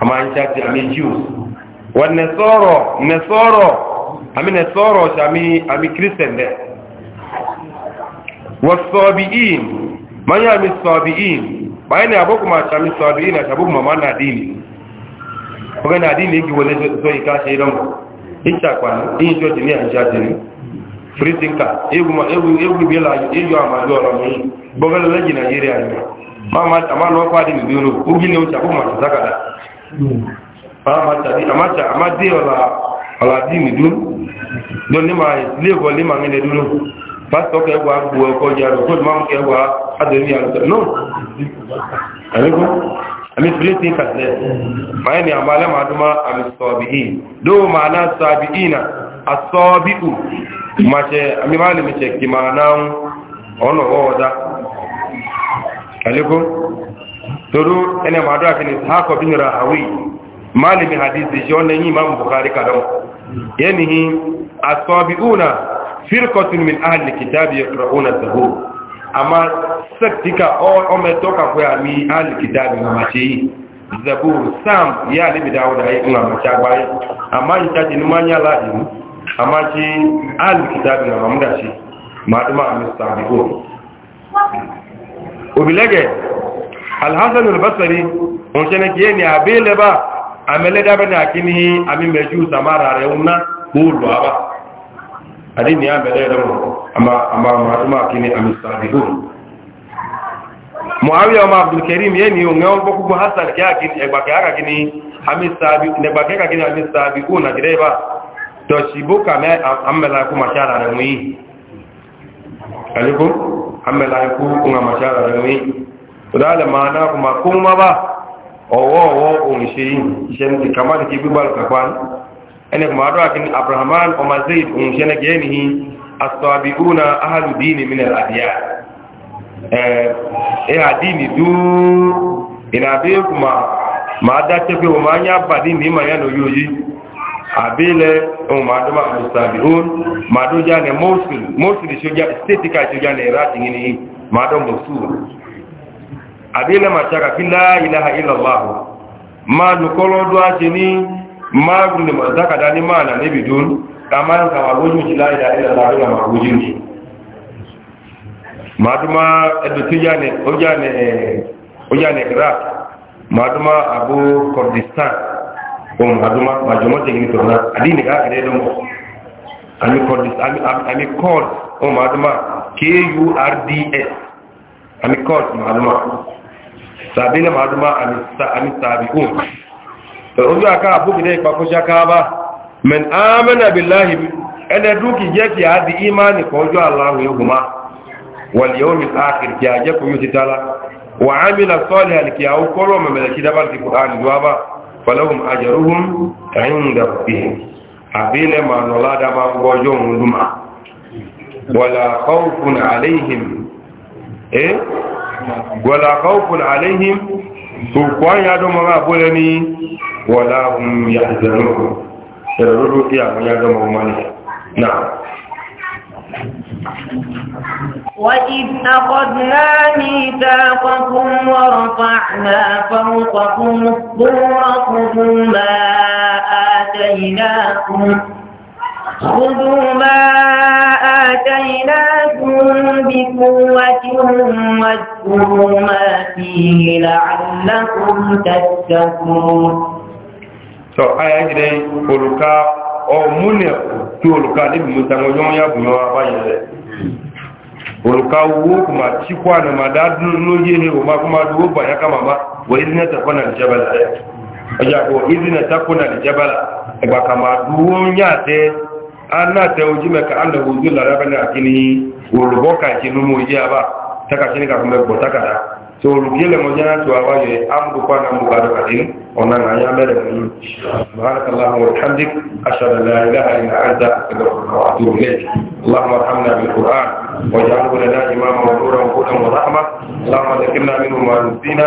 A: a máa ń ṣáti àmì jews wà nẹ̀sọ́rọ̀ nẹ̀sọ́rọ̀ àmì nẹ̀sọ́rọ̀ ṣe àmì christian dẹ wà sọ́bìín máa ní àmì sọ́bìín báyìí ni àbókùmàdé àmì sọ́bìín àti àbókùmàmá nàdínì ọgbẹ́ nàdínì igi wọlé sọ ìkáṣe ìdánwò ìṣàpàá ní ìjọ́ fritinka egwubiela eyo amaju ọrọ mi gbọgbẹlẹ lẹji nàìjíríà ni amánà ọkọ adìmí bí olú ugi ni ó sàkó màtà sákàdà amáde ọ̀là adìmí dún ló ní ma ilé ìwọ lé màá nílẹ̀ dúró pásítọ̀ kẹwà bu ọkọ̀ ìjà rẹ̀ no àmìkú àmì fritinka lẹ màá ní àmàlẹ́ mace amimali mace kimanan ọ̀nà ọ̀wọ̀dá alikun toro ẹni ma dọ́ akini bí nira hawi malimi hadithi ṣe ọ̀nà yìí imam bukari kadan yẹni hi asọ́bi'una firkotun min ahli kitabi yakra'una zaho amma saktika ọmọ ẹ̀tọ́ kakwe ami ahli kitabi ma mace yi zabur sam ya alibi dawo da ayi ina mace agbaye amma yi ta jini manya amma ce alkitabin na mamuda ce maɗuma a mista biko obilege alhassan albasari ƙunshe na kiye ne a bele ba a mele dabe na kini ami meju samara reuna bolu ba adi ni a mele da mu amma maɗuma kini a mista biko muawiya ọmọ abdulkarim yẹ ni òun ẹwọ́n gbọ́kúgbọ́ hassan kí a kí ẹgbàkẹ́ kí ni àmì sàbíkú nàìjíríà tọ̀síbó kàmẹ́ àmẹ́láìkú màṣára rẹ̀ mú yìí ẹ̀lẹ́kú àmẹ́láìkú kùnà màṣára rẹ̀ mú yìí tó dáàlẹ̀ máa náà kùnmà kó mọ́ bá ọwọ́ ọwọ́ òǹṣe yìí iṣẹ́ ní kàmáàdì kí gbígbà lùkàkwá ẹni kùnmà àdúrà kí ní abrahaman ọmọ zayd òǹṣe ní kìí ní asọ́abìkúnà ahàlù díìnì minel àdìyà ẹ̀ àdìní dúú ìnàbí kùnmà máa dá tẹ́fẹ́ wọ́n máa ń yá bàdí ní ìmọ̀ yẹn lóyún yìí abile o maduma mustabihun madu jane mosul mosul shoja estetika shoja ne rati ngini madu mosul abile machaka kila ilaha illa allah ma nukolo do ajini ma gunde mazaka dani mana ne bidun kama ka wagoju kila ilaha illa allah ya magoju ni maduma edutija ne ojane ojane gra maduma abu kurdistan wọn majoma majoma tegini tɔrɔ la a di nɛgɛ a yɛrɛ dɔn ami kɔdi ami ami kɔd oh, wọn majoma k u r d s ami kɔd majoma sabina majoma ami sa ami sabi un o bi a ka a bukide ipakosa kaaba mɛ amina bilahi ɛnɛ du k'i jɛ k'i a di imaani kɔjɔ alahu ye kuma wali yow mi akiri k'i a jɛ k'u yuti ta la wa amina sɔli ali k'i a o kɔrɔ mɛmɛlɛ k'i ti ko a ni فلهم أجرهم عند ربهم أبين ما نولاد ما وجوه لما ولا خوف عليهم إيه ولا خوف عليهم سوقوان يادو ما بولني ولا هم يحزنون يردو يا من يادو ما نعم
B: وَإِذْ أَخَذْنَا ميثاقكم ورفعنا فوقكم الطور خذوا مَا آتيناكم خذوا مَا آتيناكم بقوة واذكروا ما فيه لعلكم تتقون. So, I
A: agree, Oluka, or Muneku, to Oluka, if you tell me, have no olùkà owó kò máa tí kó àná máa dádún lóyé ní o máa kó máa dúró bàyá ká màmá wọ ìdí náà tẹkọ náà níjàbá là ẹ ọjà kò ìdí náà tẹkọ náà níjàbá là ẹgbà kà máa dúró nyà tẹ aná ojú mẹka àná ojú làrá bẹ náà kí ni olùbọ kà ìṣe nínú tákàtí ní kàfọmẹ gbọ tákàtà. تولجيل مجانا تواواي عبد قانا مباركين ونا نايا ملك بارك الله وبحمدك اشهد ان لا اله الا انت استغفرك واتوب اليك اللهم ارحمنا بالقران واجعله لنا اماما ونورا وهدى ورحمه اللهم
C: ذكرنا منه ما نسينا